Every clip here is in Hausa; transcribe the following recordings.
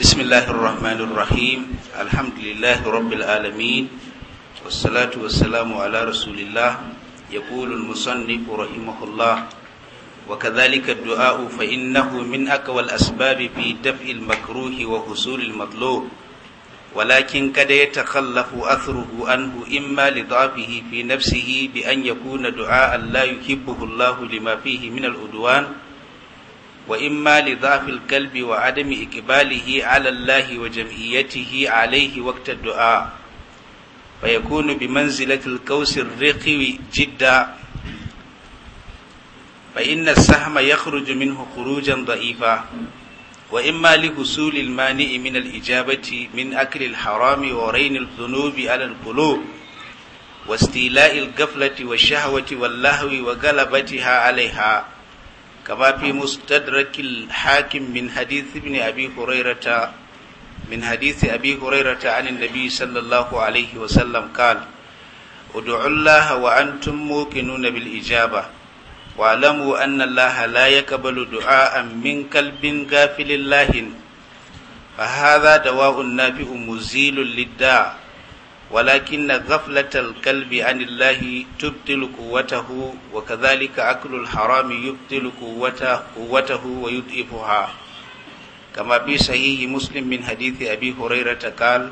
بسم الله الرحمن الرحيم الحمد لله رب العالمين والصلاة والسلام على رسول الله يقول المصنف رحمه الله وكذلك الدعاء فإنه من أقوى الأسباب في دفع المكروه وحصول المطلوب ولكن قد يتخلف أثره عنه إما لضعفه في نفسه بأن يكون دعاء لا يحبه الله لما فيه من العدوان وإما لضعف القلب وعدم إقباله على الله وجمعيته عليه وقت الدعاء فيكون بمنزلة الكوس الرقي جدا فإن السهم يخرج منه خروجا ضعيفا وإما لحصول المانع من الإجابة من أكل الحرام ورين الذنوب على القلوب واستيلاء القفلة والشهوة واللهو وغلبتها عليها كما في مستدرك الحاكم من حديث ابن أبي هريرة من حديث أبي هريرة عن النبي صلى الله عليه وسلم قال ادعوا الله وأنتم موقنون بالإجابة واعلموا أن الله لا يقبل دعاء من قلب غافل الله فهذا دواء نافع مزيل للداء ولكن غفلة القلب عن الله تبطل قوته وكذلك أكل الحرام يبطل قوته, قوته ويضعفها كما في صحيح مسلم من حديث أبي هريرة قال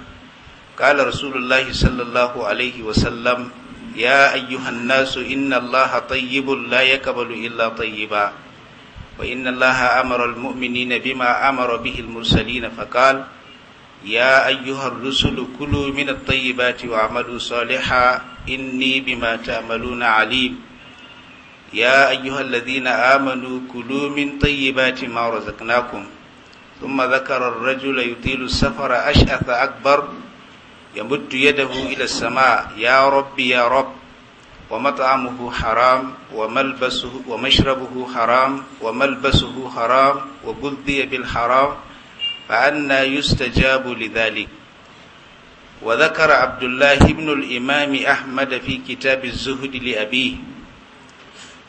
قال رسول الله صلى الله عليه وسلم يا أيها الناس إن الله طيب لا يقبل إلا طيبا وإن الله أمر المؤمنين بما أمر به المرسلين فقال يا أيها الرسل كلوا من الطيبات واعملوا صالحا إني بما تعملون عليم يا أيها الذين آمنوا كلوا من طيبات ما رزقناكم ثم ذكر الرجل يطيل السفر أشأث أكبر يمد يده إلى السماء يا ربي يا رب ومطعمه حرام وملبسه ومشربه حرام وملبسه حرام وغذي بالحرام فأنا يستجاب لذلك وذكر عبد الله بن الإمام أحمد في كتاب الزهد لأبيه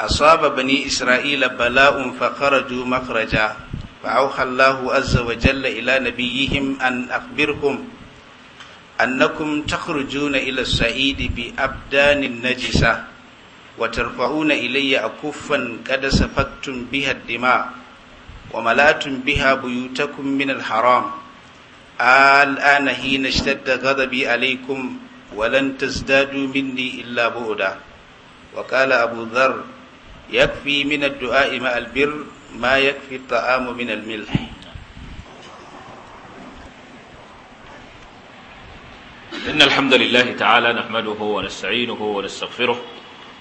أصاب بني إسرائيل بلاء فخرجوا مخرجا فأوحى الله عز وجل إلى نبيهم أن أخبركم أنكم تخرجون إلى الصعيد بأبدان نجسة وترفعون إلي أكفا قد سفكتم بها الدماء وملأتم بها بيوتكم من الحرام الآن حين اشتد غضبي عليكم ولن تزدادوا مني إلا بعدا وقال أبو ذر يكفي من الدعاء مع البر ما يكفي الطعام من الملح إن الحمد لله تعالى نحمده ونستعينه ونستغفره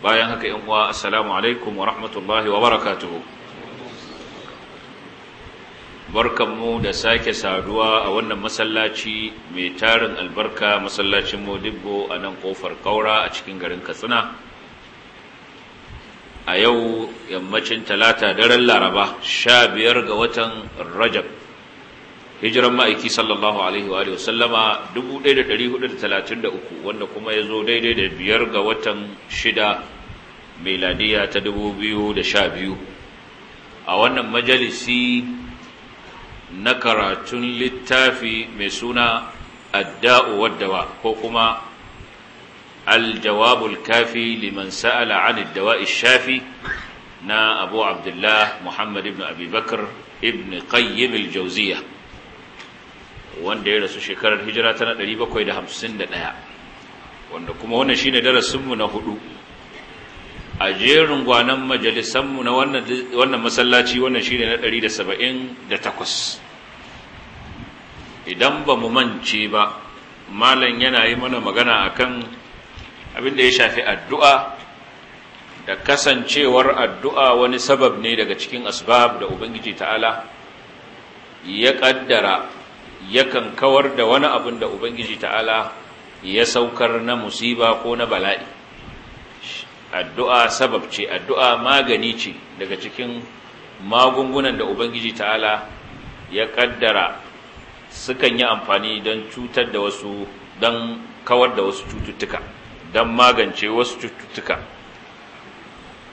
bayan haka yan uwa assalamu alaikum wa rahmatullahi wa barakatuhu barkanmu da sake saduwa a wannan masallaci mai tarin albarka masallacin modibbo a nan kofar kaura a cikin garin katsina a yau yammacin talata daren laraba sha biyar ga watan rajab hijiran ma'aiki sallallahu alaihi wa sallama 1433 wanda kuma ya zo daidai da biyar ga watan shida meladiya ta 2012 a wannan majalisi na karatun littafi mai suna adda'u waddawa ko kuma aljawabul الكافي لمن سأل عن الدواء الشافي نا أبو عبد الله Ibn بن أبي بكر wanda ya rasu shekarar hijira ta 751 wanda kuma wannan shine darasinmu na hudu a jerin gwanan majalisanmu na wannan masallaci wannan shine na 178 idan ba mu mance ba malam yana yi mana magana akan abin da ya shafi addu'a da kasancewar addu'a wani sabab ne daga cikin asbab da ubangiji ta'ala ya ƙaddara yakan kawar da wani abin da ubangiji ta'ala ya saukar na musiba ko na bala'i addu'a sabab ce addu'a magani ce daga cikin magungunan da ubangiji ta'ala ya kaddara sukan yi amfani don cutar da wasu don kawar da wasu cututtuka don magance wasu cututtuka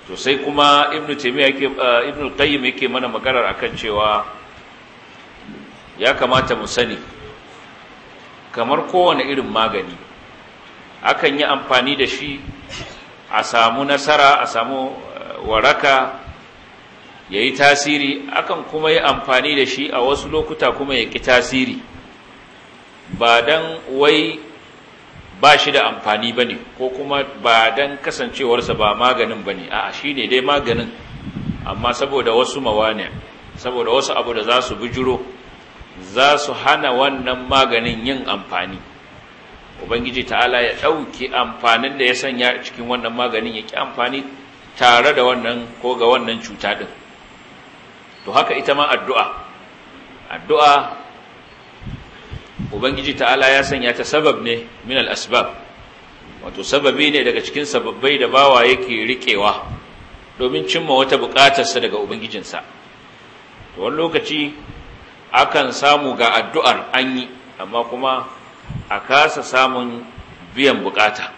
to sai kuma Ibn Taymiyyah yake eh, Ibn qayyim yake mana maganar akan cewa ya kamata mu sani kamar kowane irin magani akan yi amfani da shi a samu nasara a samu eh, waraka ya yi tasiri akan kuma yi amfani da shi a wasu lokuta kuma ya ƙi tasiri ba don wai ba shi da amfani ba ne ko kuma ba don kasancewarsa ba maganin ba ne a shi ne dai maganin amma saboda wasu mawane saboda wasu abu da za su bijiro za su hana wannan maganin yin amfani ubangiji ta'ala ya ɗauki amfanin da ya sanya cikin wannan maganin ya ƙi amfani tare da wannan ko ga wannan cuta ɗin to haka ita ma addu'a addu'a ubangiji ta'ala ya sanya ta sabab ne min al'asbab wato sababi ne daga cikin sababbai da bawa yake riƙewa domin cimma wata buƙatarsa daga ubangijinsa To wani lokaci akan samu ga addu'ar an yi amma kuma a kasa samun biyan bukata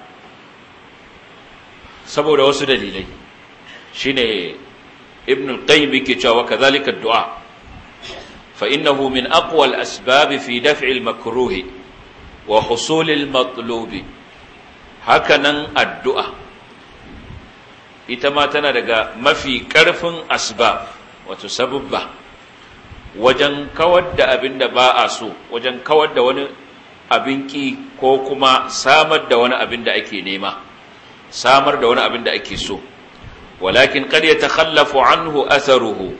saboda wasu dalilai shine ibn al-qayyim yake cewa kadhalika dua fa innahu min aqwa asbabi fi daf'i al wa husul al Haka hakanan addu'a ita ma tana daga mafi karfin asbab wato sababba wajen kawar da abin da ba a so wajen kawar da wani abin ki ko kuma samar da wani abin da ake nema samar da wani abin da ake so walakin qad yatakhallafu anhu atharuhu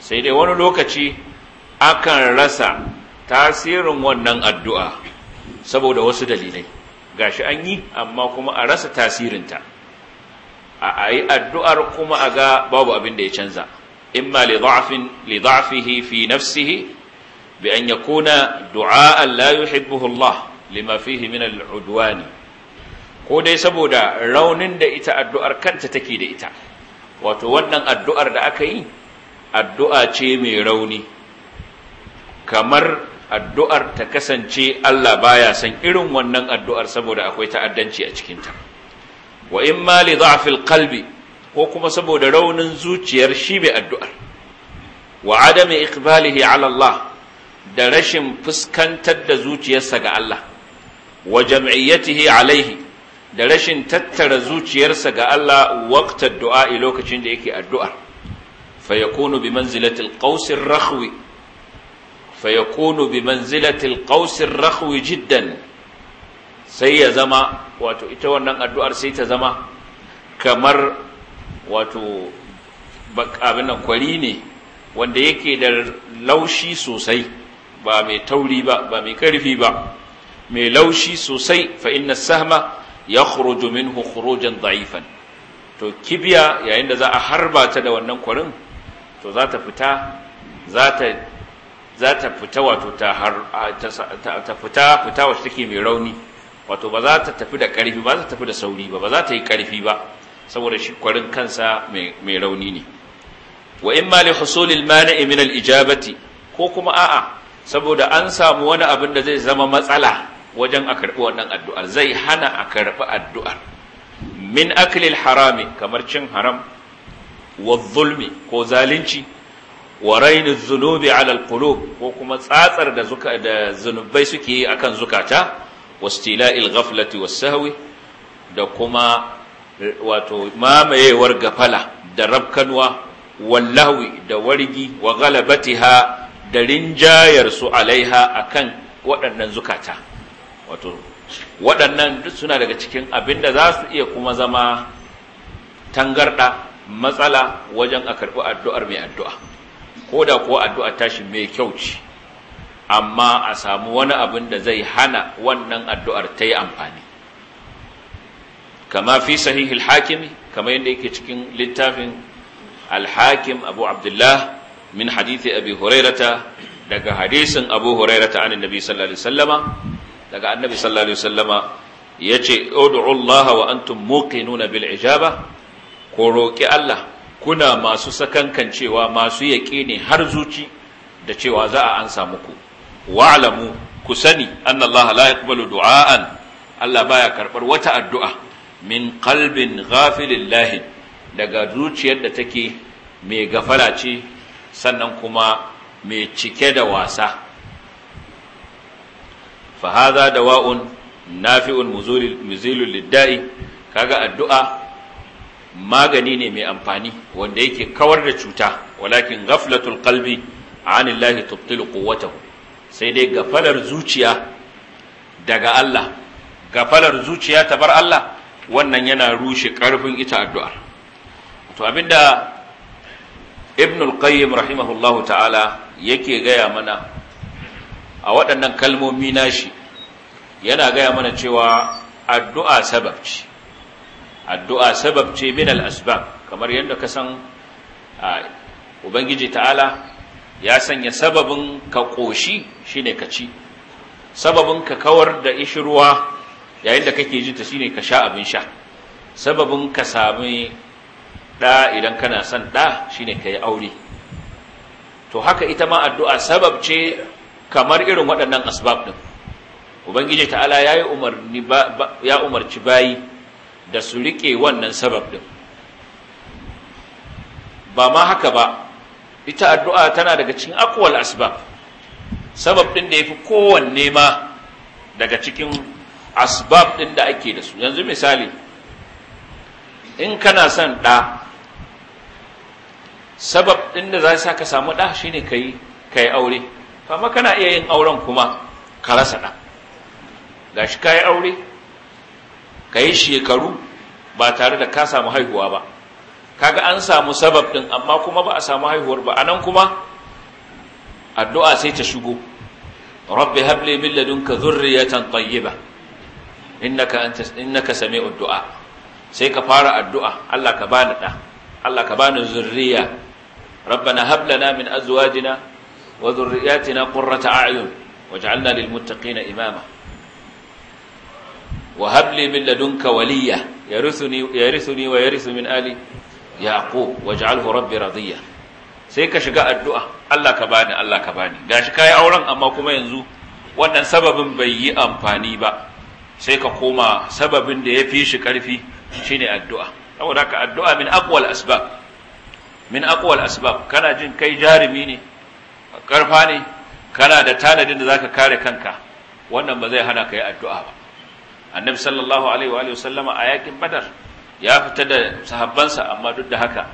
sai dai wani lokaci akan rasa tasirin wannan addu'a saboda wasu dalilai gashi an yi amma kuma a rasa tasirinta a yi addu'ar kuma a ga babu abin da ya canza imma li dha'fin li dha'fihi fi nafsihi bi an yakuna du'a la yuhibbuhu Allah lima fihi min ko dai saboda raunin da ita addu'ar kanta take da ita wato wannan addu'ar da aka yi addu'a ce mai rauni kamar addu'ar ta kasance Allah baya san irin wannan addu'ar saboda akwai ta'addanci a cikinta wa in ma li dha'fil qalbi ko kuma saboda raunin zuciyar shi mai addu'ar wa adami ikbalihi ala Allah da rashin fuskantar da zuciyarsa ga Allah wa jam'iyyatihi alaihi da rashin tattara zuciyarsa ga Allah waktar du'a lokacin da yake addu'ar fa yakunu bi manzilati al-qaws ar bi manzilati al-qaws jiddan sai ya zama wato ita wannan addu'ar sai ta zama kamar wato abin kwari ne wanda yake da laushi sosai ba mai tauri ba ba mai karfi ba mai laushi sosai fa inna sahma yakhruju min khurujan da'ifan to kibiya yayin da za a harba ta da wannan kwarin to za ta fita za ta za ta fita wato ta fita fita wacce take mai rauni wato ba za ta tafi da ƙarfi ba za ta tafi da sauri ba ba za ta yi ƙarfi ba saboda shi kwarin kansa mai rauni ne wa in ma li husulil mana'i min al-ijabati ko kuma a'a saboda an samu wani abin da zai zama matsala wajen a karɓi wannan addu'ar zai hana a karɓi addu'ar min aklil harami kamar cin haram wa zulmi ko zalunci wa rainin zunubi alal qulub ko kuma tsatsar da zuka da zunubai suke yi akan zukata wastila'il ghaflati was sahwi da kuma wato mamayewar gafala da rabkanwa wallahi da wargi wa galabatiha da rinjayar su alaiha akan waɗannan zukata wato waɗannan duk suna daga cikin abin da za su iya kuma zama tangarda matsala wajen a karɓi addu'ar mai addu'a ko da kuwa addu'a tashi mai kyau ce amma a samu wani abin da zai hana wannan addu'ar ta yi amfani kama fi sahihil hakimi kama yadda yake cikin littafin alhakim abu abdullah min hadithi abi hurairata daga hadisin abu hurairata an annabi sallallahu alaihi wasallama daga annabi sallallahu alaihi wasallama yace ud'u allaha wa antum muqinuna bil ijaba ko roki allah kuna masu sakankancewa masu yaqini har zuci da cewa za a ansa muku wa'lamu ku sani anna allaha la yaqbalu du'aan allah baya karbar wata addu'a min qalbin ghafilin lahi daga zuciyar da take mai gafala ce sannan kuma mai cike da wasa fahaza hadha dawa'un nafi'un muzilul lidda'i kaga addu'a magani ne mai amfani wanda yake kawar da cuta walakin ghaflatul qalbi anillahi tubtilu quwwatahu sai dai gafalar zuciya daga Allah gafalar zuciya ta bar Allah wannan yana rushe ƙarfin ita addu'a to abinda ibn al-qayyim rahimahullahu ta'ala yake gaya mana a waɗannan kalmomi nashi yana gaya mana cewa addu'a sabab ce addu'a sabab ce min al kamar yadda ka san ubangiji ta'ala ya sanya sababin ka ƙoshi ne ka ci sababin ka kawar da ishirwa yayin da kake jin ta shine ka sha abin sha sababin ka sami da idan kana son da shine ka aure to haka ita ma addu'a sabab ce kamar irin waɗannan asbab din ubangiji ta'ala ya yi umarni ya umarci bayi da su rike wannan sabab din ba ma haka ba ita addu'a tana daga cikin akwal asbab sabab ɗin da yafi fi kowanne ma daga cikin asbab ɗin da ake da su yanzu misali in kana son ɗa sabab ɗin da za sa ka samu ɗa shine ka yi aure amma kana iya yin auren kuma ka rasa ɗa ga shi ka yi aure ka yi shekaru ba tare da ka samu haihuwa ba kaga an samu sabab ɗin amma kuma ba a samu haihuwar ba anan kuma addu'a sai ta shigo rabbi habli min ladunka zurriyatan tayyiba innaka anta innaka sami'ud du'a sai ka fara addu'a Allah ka bani da Allah ka bani zurriya rabbana hab lana min azwajina wa dhurriyyatina qurrata a'yun waj'alna lil muttaqina imama wa hab li min ladunka waliya yarithuni yarithuni wa yarithu min ali yaqub waj'alhu rabbi radiya sai ka shiga addu'a Allah ka bani Allah ka bani gashi kai auren amma kuma yanzu wannan sababin bai yi amfani ba sai ka koma sababin da ya fi shi ƙarfi shine addu'a saboda ka addu'a min aqwal asbab min asbab kana jin kai jarumi ne karfa ne kana da tanadin da zaka kare kanka wannan ba zai hana ka yi addu'a ba annabi sallallahu alaihi wa sallama a yakin badar ya fita da sahabbansa amma duk da haka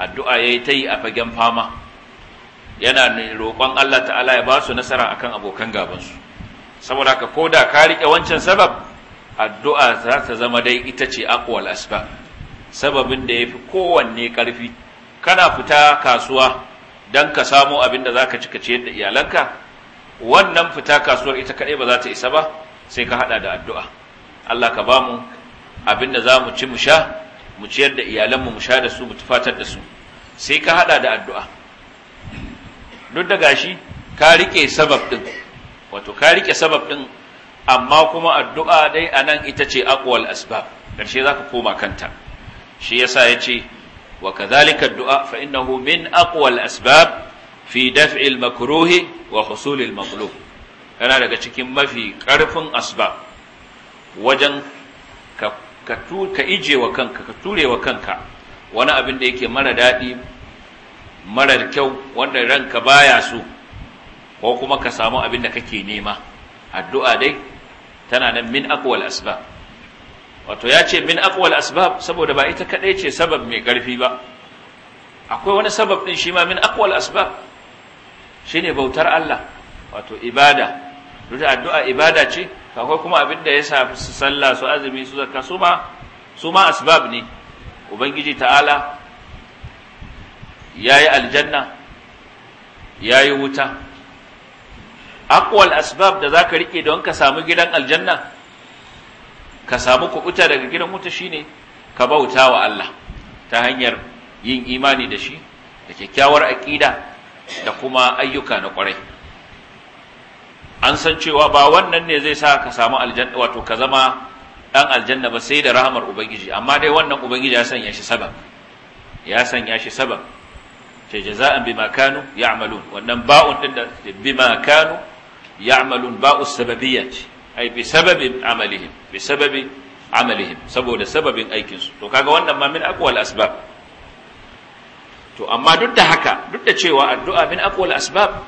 addu'a yayi ta yi a fagen fama yana roƙon Allah ta'ala ya ba su nasara akan abokan gabansu saboda haka ko da ka riƙe wancan sabab addu'a za ta zama dai ita ce aqwal asbab sababin da yafi kowanne ƙarfi kana fita kasuwa dan ka samu abin da zaka ci ka ciyar da iyalanka wannan fita kasuwar ita kadai ba za ta isa ba sai ka hada da addu'a Allah ka bamu abin da zamu ci mu sha mu ciyar da iyalanmu mu sha da su mu tufatar da su sai ka hada da addu'a duk da gashi ka rike sabab din wato ka rike sabab din amma kuma addu'a dai anan ita ce aqwal asbab karshe ka koma kanta shi yasa yace wa kadhalika addu'a fa innahu min aqwal asbab fi daf'il makruhi wa husulil maqlub yana daga cikin mafi karfin asbab wajen ka ka ije wa kanka ka ture wa kanka wani abin da yake mara daɗi mara kyau wanda ranka baya so ko kuma ka samu abin da kake nema addu'a dai tana nan min aqwal asbab wato ya ce min aqwal asbab saboda ba ita kadai ce sabab mai karfi ba akwai wani sabab din shi ma min aqwal asbab shine bautar Allah wato ibada duk addu'a ibada ce akwai kuma abin da ya shafi su sallah su azumi su zakka su ma su ma asbab ne ubangiji ta'ala yayi aljanna yayi wuta aqwal asbab da zaka rike don ka samu gidan aljanna ka samu kubuta daga gidan wuta shine ka bauta wa Allah ta hanyar yin imani da shi da kyakkyawar aƙida da kuma ayyuka na ƙwarai an san cewa ba wannan ne zai sa ka samu aljanna wato ka zama ɗan aljanna ba sai da rahamar ubangiji amma dai wannan ubangiji ya sanya shi sabab ya sanya shi sabab ce jaza'an bima kanu ya'malun wannan ba'un din da bima kanu ya'malun ba'u sababiyya ce ai bi sababin amalihim bi sababi amalihim saboda sababin aikin su to kaga wannan ma min aqwal asbab to amma duk da haka duk da cewa addu'a min aqwal asbab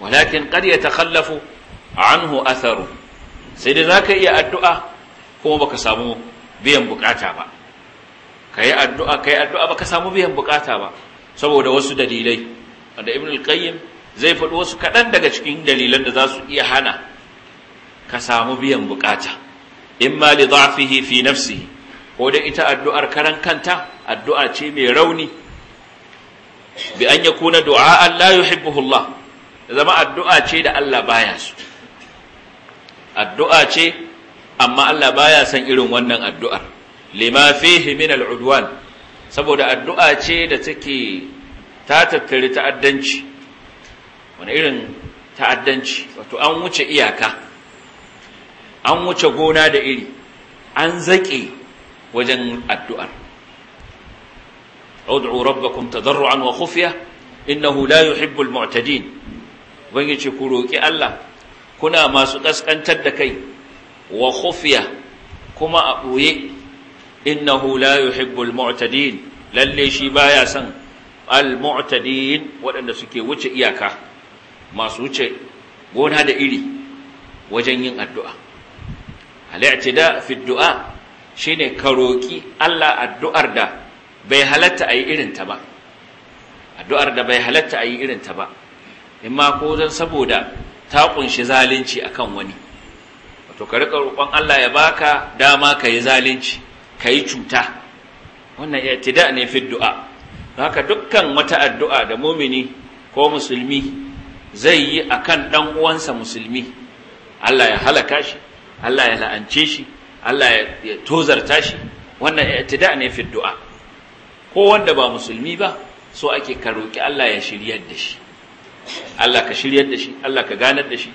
walakin qad yatakhallafu anhu atharu sai dai zaka iya addu'a kuma baka samu biyan bukata ba kai addu'a kai addu'a baka samu biyan bukata ba saboda wasu dalilai wanda ibn al-qayyim zai faɗi wasu kaɗan daga cikin dalilan da za su iya hana ka samu biyan bukata in ma li dha'fihi fi nafsihi ko da ita addu'ar karan kanta addu'a ce mai rauni bi an yakuna du'a la yuhibbuhu Allah zama addu'a ce da Allah baya su. addu'a ce amma Allah baya son irin wannan addu'ar lima fihi min saboda addu'a ce da take ta tattare ta'addanci wani irin ta'addanci wato an wuce iyaka an wuce gona da iri an zaƙe wajen addu'ar ud'u rabbakum tadarruan wa khufiya innahu la yuhibbul mu'tadin ubangiji ku roki Allah kuna masu kaskantar da kai wa khufiya kuma a boye innahu la yuhibbul mu'tadin lalle shi baya son al mu'tadin waɗanda suke wuce iyaka masu wuce gona da iri wajen yin addu'a da fi du'a shine ka roƙi Allah addu'ar da bai halatta a yi irinta ba addu'ar da bai halatta a yi irinta ba in ma ko zan saboda ta ƙunshi zalunci akan wani wato ka riƙa roƙon Allah ya baka dama ka yi zalunci ka yi cuta wannan i'tida ne fiddu'a du'a haka dukkan wata addu'a da mumini ko musulmi zai yi akan ɗan uwansa musulmi Allah ya halaka shi Allah ya la'ance shi Allah ya tozarta shi wannan i'tida ne fi du'a ko wanda ba musulmi ba so ake ka roki Allah ya shiryar da shi Allah ka shiryar da shi Allah ka ganar da shi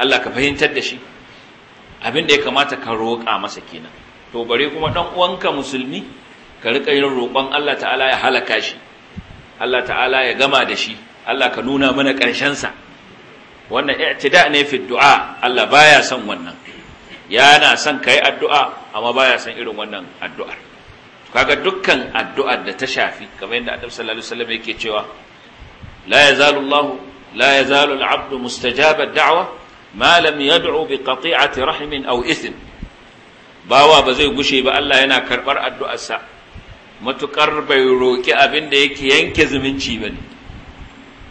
Allah ka fahimtar da shi abin da ya kamata ka roƙa masa kenan to bare kuma dan uwanka musulmi ka riƙa yin roƙon Allah ta'ala ya halaka shi Allah ta'ala ya gama da shi Allah ka nuna mana ƙarshensa wannan i'tida ne fi du'a Allah baya son wannan yana son kai addu'a amma baya son irin wannan addu'ar kaga dukkan addu'ar da ta shafi kamar yadda Annabi sallallahu alaihi wasallam yake cewa la yazalu Allah la yazalu al-'abdu mustajaba ad-da'wa ma lam yad'u bi qati'ati rahimin aw ithm bawa ba zai gushe ba Allah yana karbar addu'arsa matukar bai roki abin da yake yanke zumunci bane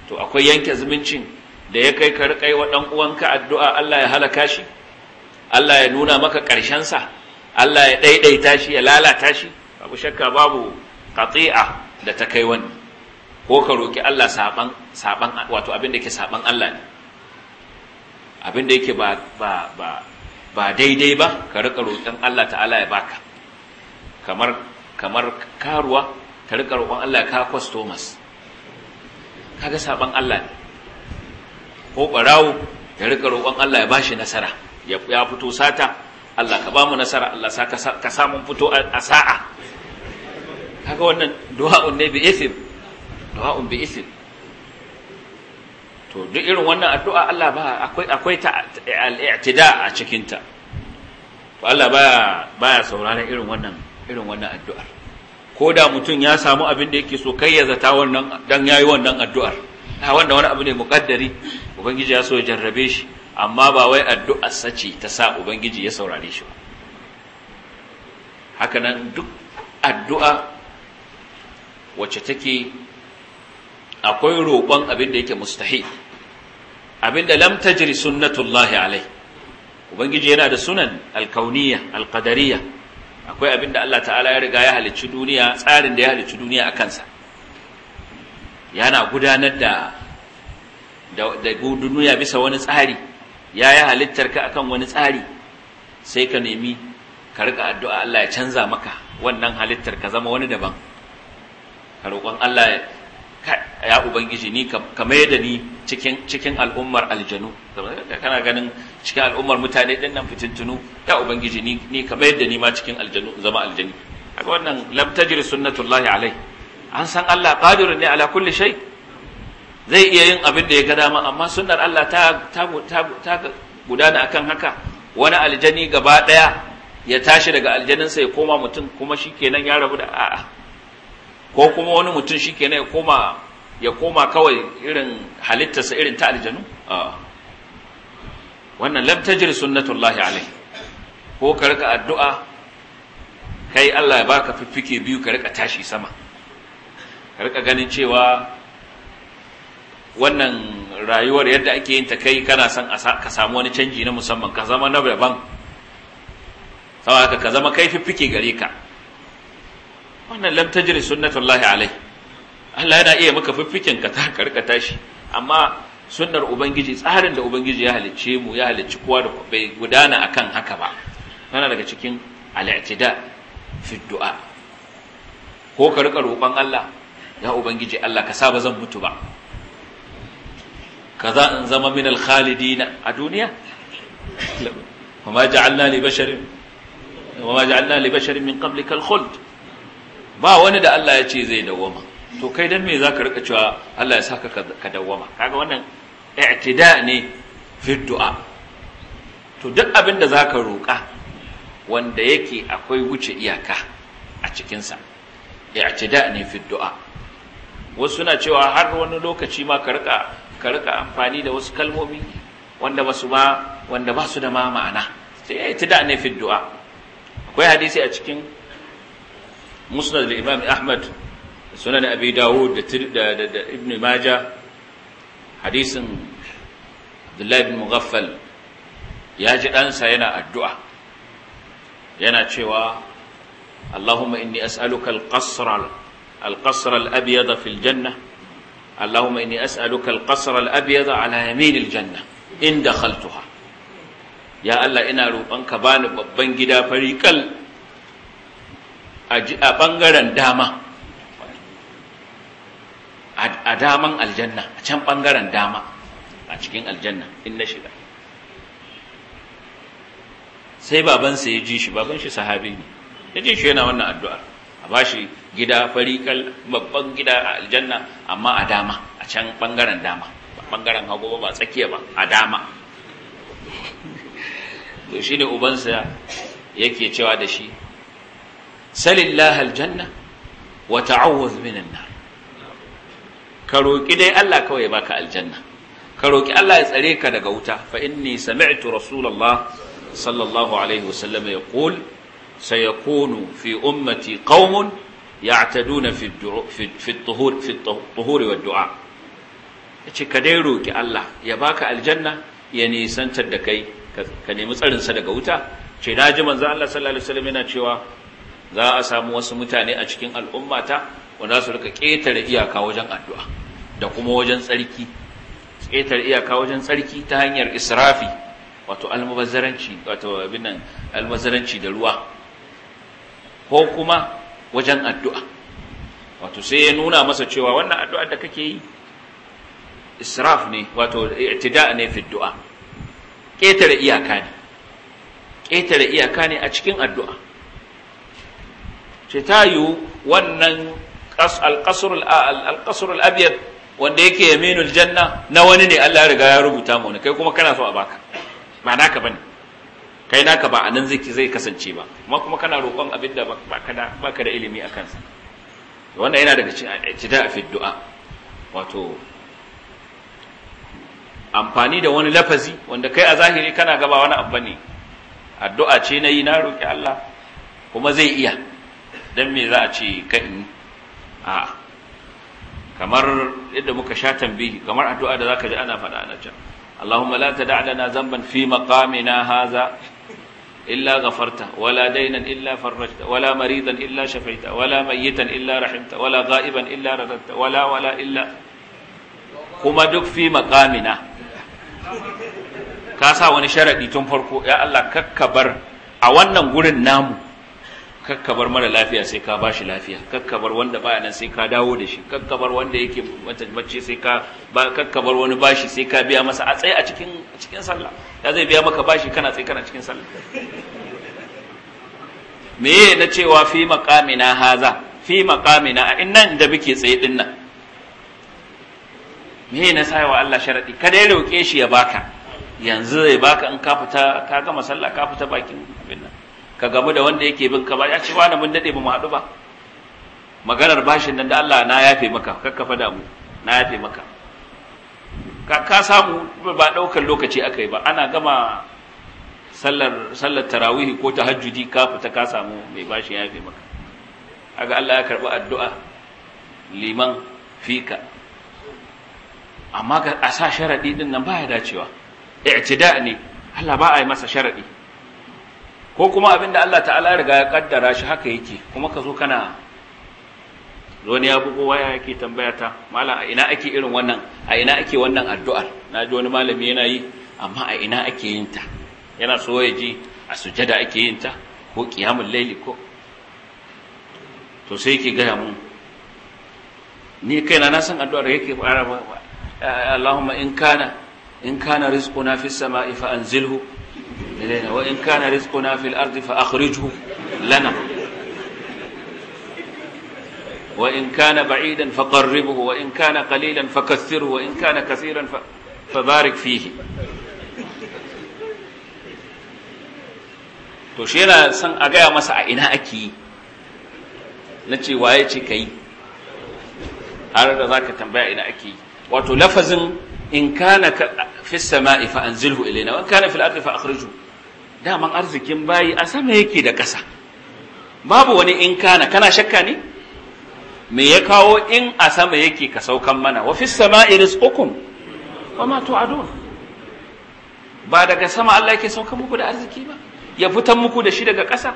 to akwai yanke zumuncin da ya kai karkai wa ɗan uwanka addu'a Allah ya halaka shi Allah ya nuna maka ƙarshensa Allah ya ɗaiɗaita shi ya lalata shi babu shakka babu qati'a da ta kai wani ko ka roki Allah saban saban wato abin da yake saban Allah ne abin da yake ba ba ba daidai ba ka rika roƙon Allah ta'ala ya baka kamar kamar karuwa ka rika roƙon Allah ka customers kaga saban Allah ne ko barawo ya rika roƙon Allah ya bashi nasara ya fito sata Allah ka ba mu nasara Allah sa ka samu fito a sa'a kaga wannan du'a'un ne bi isim, du'a'un bi isim. to duk irin wannan addu'a Allah ba akwai akwai ta al-i'tida a cikin ta to Allah ba baya sauraron irin wannan irin wannan addu'ar ko da mutum ya samu abin da yake so kai ya zata wannan dan yayi wannan addu'ar a wanda wani abu ne muqaddari ubangiji ya so ya jarrabe shi amma ba wai addu'ar sace ta sa ubangiji ya saurare shi ba haka nan duk addu'a wacce take akwai roƙon abin da yake mustahil abin da lam tajri sunnatullahi alai ubangiji yana da sunan alkauniyya alqadariya akwai abin da Allah ta'ala ya riga ya halicci duniya tsarin da ya halicci duniya a kansa yana gudanar da da duniya bisa wani tsari ya yi halittar ka akan wani tsari sai ka nemi ka riƙa addu'a Allah ya canza maka wannan halittar ka zama wani daban ka roƙon Allah ya ubangiji ni ka mayar da ni cikin cikin al'ummar aljanu kana ganin cikin al'ummar mutane ɗin nan fitintunu ya ubangiji ni ni kamar yadda ni ma cikin aljanu zama aljani kaga wannan lam tajri sunnatullahi alai an san Allah qadirun ne ala kulli shay zai iya yin abin da ya ga dama amma sunnar Allah ta ta ta, gudana akan haka wani aljani gaba daya ya tashi daga aljaninsa ya koma mutum kuma shikenan ya rabu da a'a ko kuma wani mutum shikenan ya koma ya koma kawai irin halittarsa irin ta aljanu a'a wannan lam tajri sunnatullahi alai, ko ka rika addu'a kai Allah ya baka fiffike biyu ka rika tashi sama ka rika ganin cewa wannan rayuwar yadda ake yin ta kai kana son ka samu wani canji na musamman ka zama na daban saboda ka zama kai fiffike gare ka wannan lam tajri sunnatullahi alai, Allah yana iya maka fiffiken ka ta karka tashi amma sunnar ubangiji tsarin da ubangiji ya halicce mu ya halicci kowa da bai gudana akan haka ba yana daga cikin al'tida fi du'a ko ka rika roƙon Allah ya ubangiji Allah ka saba zan mutu ba kaza in zama min al-khalidina a duniya وما جعلنا لبشر وما جعلنا min من قبلك الخلد ba wani da Allah ya ce zai dawwama to kai dan me zaka rika cewa Allah ya saka ka dawwama kaga wannan i'tida ne fi du'a to duk abin da zaka roƙa wanda yake akwai wuce iyaka a cikin sa i'tida ne fi du'a wasu na cewa har wani lokaci ma ka rika ka rika amfani da wasu kalmomi wanda basu ba wanda basu da ma ma'ana sai i'tida ne fi du'a akwai hadisi a cikin musnad al-imam ahmad sunan abi dawud da ibn majah hadisin abdullahi bin mughaffal ya ji ɗansa yana addu'a yana cewa Allahumma inni as'aluka al-qasr al-abyad fi al-janna Allahumma inni as'aluka al-qasr al-abyad ala yamin al-janna in dakhaltuha ya Allah ina roƙonka bani babban gida fariƙal a bangaren dama a daman aljanna a can bangaren dama a cikin aljanna in na shiga sai babansa ya ji shi baban shi sahabi ne ya ji shi yana wannan addua a ba shi gida farikal babban gida a aljanna amma a dama a can bangaren dama ba bangaren hagu ba ba tsakiya ba a dama to shi ne ubansa yake cewa da shi salillah aljanna wa ta'awwaz minan nar ka roki dai Allah kawai baka aljanna ka roki Allah ya tsare ka daga wuta fa inni sami'tu rasulullah sallallahu alaihi wasallam yaqul sayakunu fi ummati qaumun ya'taduna fi fi tuhur fi wa du'a yace ka dai roki Allah ya baka aljanna ya nisantar da kai ka nemi tsarinsa daga wuta ce na ji manzo Allah sallallahu alaihi wasallam yana cewa za a samu wasu mutane a cikin al'ummata wanda su rika ƙetare iyaka wajen addu'a da kuma wajen tsarki ƙetar iyaka wajen tsarki ta hanyar israfi wato almubazzaranci wato almubazzaranci da ruwa ko kuma wajen addu'a wato sai ya nuna masa cewa wannan addu'a da kake yi israf ne wato i'tida ne fi du'a ƙetare iyaka ne ƙetare iyaka ne a cikin addu'a ce ta yiwu wannan alƙasar al'abiyar wanda yake yaminul janna na wani ne Allah ya riga ya rubuta mu ne kai kuma kana so a baka ba naka bane kai naka ba anan zai zai kasance ba amma kuma kana roƙon abin da baka da baka da ilimi akan sa wannan yana daga cikin ijtida fi du'a wato amfani da wani lafazi wanda kai a zahiri kana gaba wani abu ne addu'a ce na yi na roƙi Allah kuma zai iya dan me za a ce kai a kamar yadda muka sha tambihi kamar addu'a da zaka ji ana faɗa ana can Allahumma la tada' lana zamban fi maqamina hadha illa ghafarta wala daynan illa farajta wala maridan illa shafaita wala mayitan illa rahimta wala ghaiban illa radatta wala wala illa kuma duk fi maqamina ka sa wani sharadi tun farko ya Allah bar a wannan gurin namu kakkabar mara lafiya sai ka bashi lafiya kakkabar wanda baya nan sai ka dawo da shi kakkabar wanda yake mace sai ka ba kakkabar wani bashi sai ka biya masa a tsaye a cikin cikin sallah ya zai biya maka bashi kana tsaye kana cikin sallah meye na cewa fi maqamina haza fi maqamina in nan da muke tsaye din nan meye na sayawa Allah sharadi kada ya roke shi ya baka yanzu zai baka in ka fita ka gama sallah ka fita bakin abin nan ka gamu da wanda yake bin ka ba ya ce wani mun dade ba mu haɗu ba maganar bashin nan da Allah na yafe maka kakkafa da mu na yafe maka ka ka samu ba ɗaukar lokaci aka yi ba ana gama sallar sallar tarawihi ko tahajjudi ka fita ka samu mai bashin yafe maka aga Allah ya karɓi addu'a liman fika amma a sa sharaɗi ɗin nan ba ya dacewa i'tida ne Allah ba a yi masa sharaɗi ko kuma abin da Allah ta'ala riga ya kaddara shi haka yake kuma ka zo kana Zoni ya bugo waya yake tambaya ta malam a ina ake irin wannan a ina ake wannan addu'ar na ji wani malami yana yi amma a ina ake yin ta yana so ya ji a sujada ake yin ta ko qiyamul layli ko to sai yake gaya mun ni kaina na san addu'ar yake fara Allahumma in kana in kana rizquna fis sama'i fa anzilhu ilaina wa in kana rizquna fil ardi fa akhrijhu lana wa ba'idan fa qarribhu wa in fa fa barik to shi yana son a gaya masa a ina ake yi na ce waye ce ka yi har da za ka tambaya ina ake yi wato lafazin in kana fi sama'i fa anzilhu ilaina wa kana fil ardi fa akhrijhu daman arzikin bayi a sama yake da ƙasa babu wani in kana kana shakka ne me ya kawo in a sama yake ka saukan mana wa fi sama'i rizqukum wa ma tu'adun ba daga sama Allah yake saukan muku da arziki ba ya fitan muku da shi daga ƙasa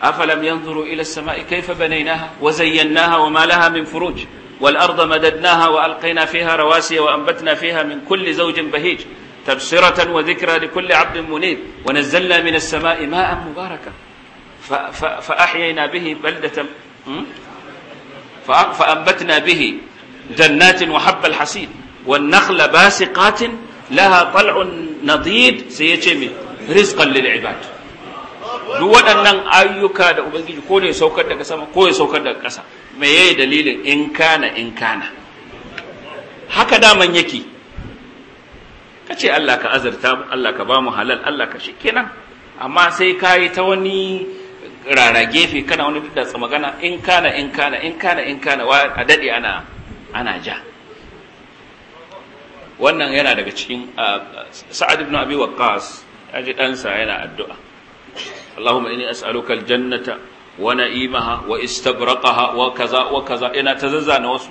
afalam yanzuru ila as-sama'i kayfa banaynaha wa zayyanaha wa ma laha min furuj والأرض مددناها وألقينا فيها رواسي وأنبتنا فيها من كل زوج بهيج تبصرة وذكرى لكل عبد منيب ونزلنا من السماء ماء مباركا فأحيينا به بلدة فأنبتنا به جنات وحب الحصيد والنخل باسقات لها طلع نضيد سيجمي رزقا للعباد duk waɗannan ayyuka da ubangiji ko ne saukar daga sama ko ya saukar daga ƙasa me yayi dalilin in kana in kana haka daman yake ka ce Allah ka azurta mu Allah ka ba mu halal Allah ka shikenan amma sai ka yi ta wani rara gefe kana wani da magana in kana in kana in kana in kana wa a dade ana ana ja wannan yana daga cikin sa'ad ibn abi waqqas ya ji ɗansa yana addu'a Allahumma inni as'aluka al wa na'imaha wa istabraqaha wa kaza wa kaza ina ta zazzana wasu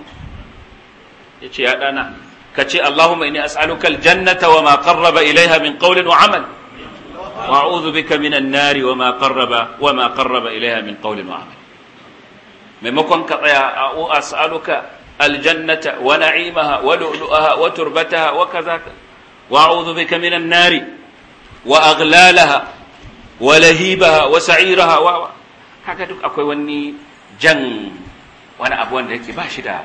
yace ya dana kace Allahumma inni as'aluka aljannata wa ma qarraba ilaiha min qawlin wa amal wa a'udhu bika minan nari wa ma qarraba wa ma qarraba ilaiha min qawlin wa amal maimakon ka tsaya a as'aluka aljannata wa na'imaha wa lu'lu'aha wa turbataha wa kaza wa a'udhu bika minan nari wa aghlalaha wa lahibaha wa sa'iraha wa kaga duk akwai wani jan wani abu wanda yake ba shi da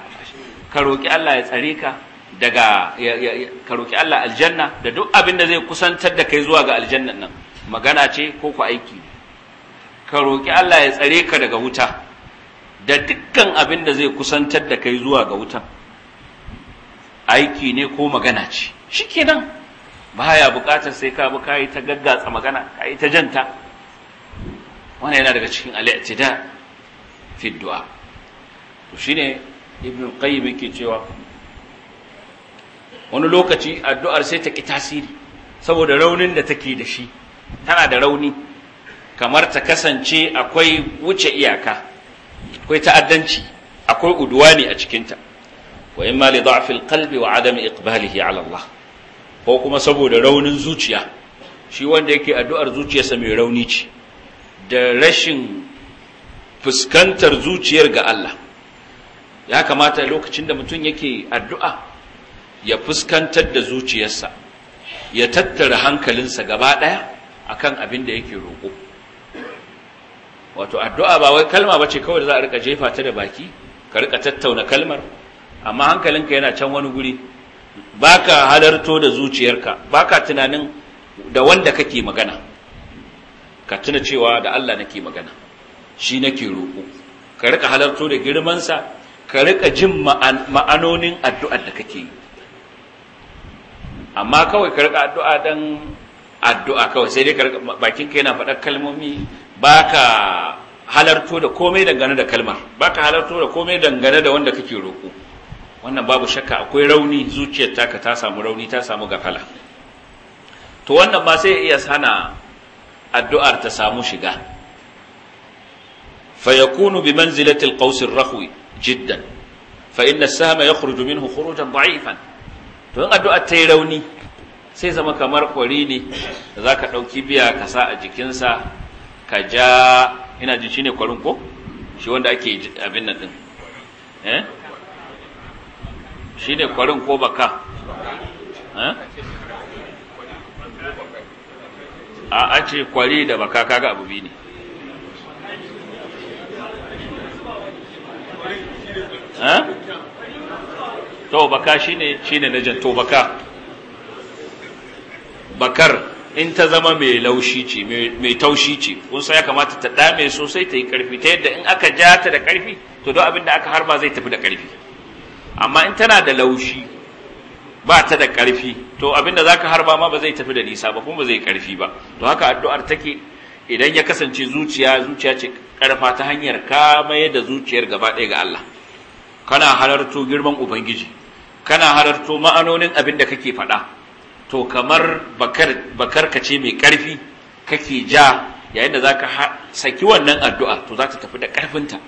ka roƙi Allah ya tsare ka daga ka roƙi Allah aljanna da duk abin da zai kusantar da kai zuwa ga aljannan nan magana ce ko ku aiki ka roƙi Allah ya tsare ka daga wuta da dukkan abin da zai kusantar da kai zuwa ga wutan aiki ne ko magana ce shikenan baya bukatar sai ka bi kayi ta gaggatsa magana yi ta janta wannan yana daga cikin al'tida fi du'a to shine ibn qayyim yake cewa wani lokaci addu'ar sai ta ki tasiri saboda raunin da take da shi tana da rauni kamar ta kasance akwai wuce iyaka akwai ta'addanci akwai uduwani a cikinta wa imma li da'fil qalbi wa adami iqbalihi ala Allah ko kuma saboda raunin zuciya shi wanda yake addu'ar zuciyarsa mai rauni ce da rashin fuskantar zuciyar ga Allah ya kamata lokacin da mutum yake addu'a ya fuskantar da zuciyarsa ya tattara hankalinsa gaba ɗaya a kan abin da yake roƙo wato addu'a ba wai kalma ba ce kawai za a rika jefa ta da baki ka rika tattauna kalmar amma hankalinka yana can wani guri ba ka halarto da zuciyarka ba ka tunanin da wanda kake magana ka tuna cewa da Allah nake magana shi nake roƙo ka rika halarto da girmansa ka rika jin ma'anonin addu'ar da kake yi amma kawai ka rika addu'a dan addu'a kawai sai dai ka rika bakin ka yana faɗar kalmomi baka halarto da komai dangane da kalmar baka halarto da komai dangane da wanda kake roƙo wannan babu shakka akwai rauni zuciyar taka ta samu rauni ta samu gafala to wannan ba sai iya hana addu'ar ta samu shiga fa yakunu bi manzilati alqaws arrahwi jiddan fa inna as-sahma yakhruju minhu khurujan da'ifan to in addu'ar ta yi rauni sai zama kamar kwari ne Za ka ɗauki biya ka sa a jikinsa ka ja ina jin ne kwarin ko shi wanda ake abin nan ɗin? eh shine kwarin ko baka eh a ce kwari da baka kaga abu ne to baka shine shine najin to baka bakar in ta zama mai laushi ce mai taushi ce kun sai ya kamata ta dame sosai ta yi karfi ta yadda in aka ja ta da karfi to don abin da aka harba zai tafi da karfi amma in tana da laushi ba ta da ƙarfi to abinda zaka harba ma ba zai tafi da nisa ba kuma ba zai ƙarfi ba to haka addu'ar take idan ya kasance zuciya zuciya ce ƙarfa ta hanyar ka mai da zuciyar gaba ɗaya ga Allah kana halarto girman ubangiji kana halarto ma'anonin abin da kake faɗa to kamar bakar bakar ce mai ƙarfi kake ja yayin da zaka saki wannan addu'a to za ta tafi da ƙarfinta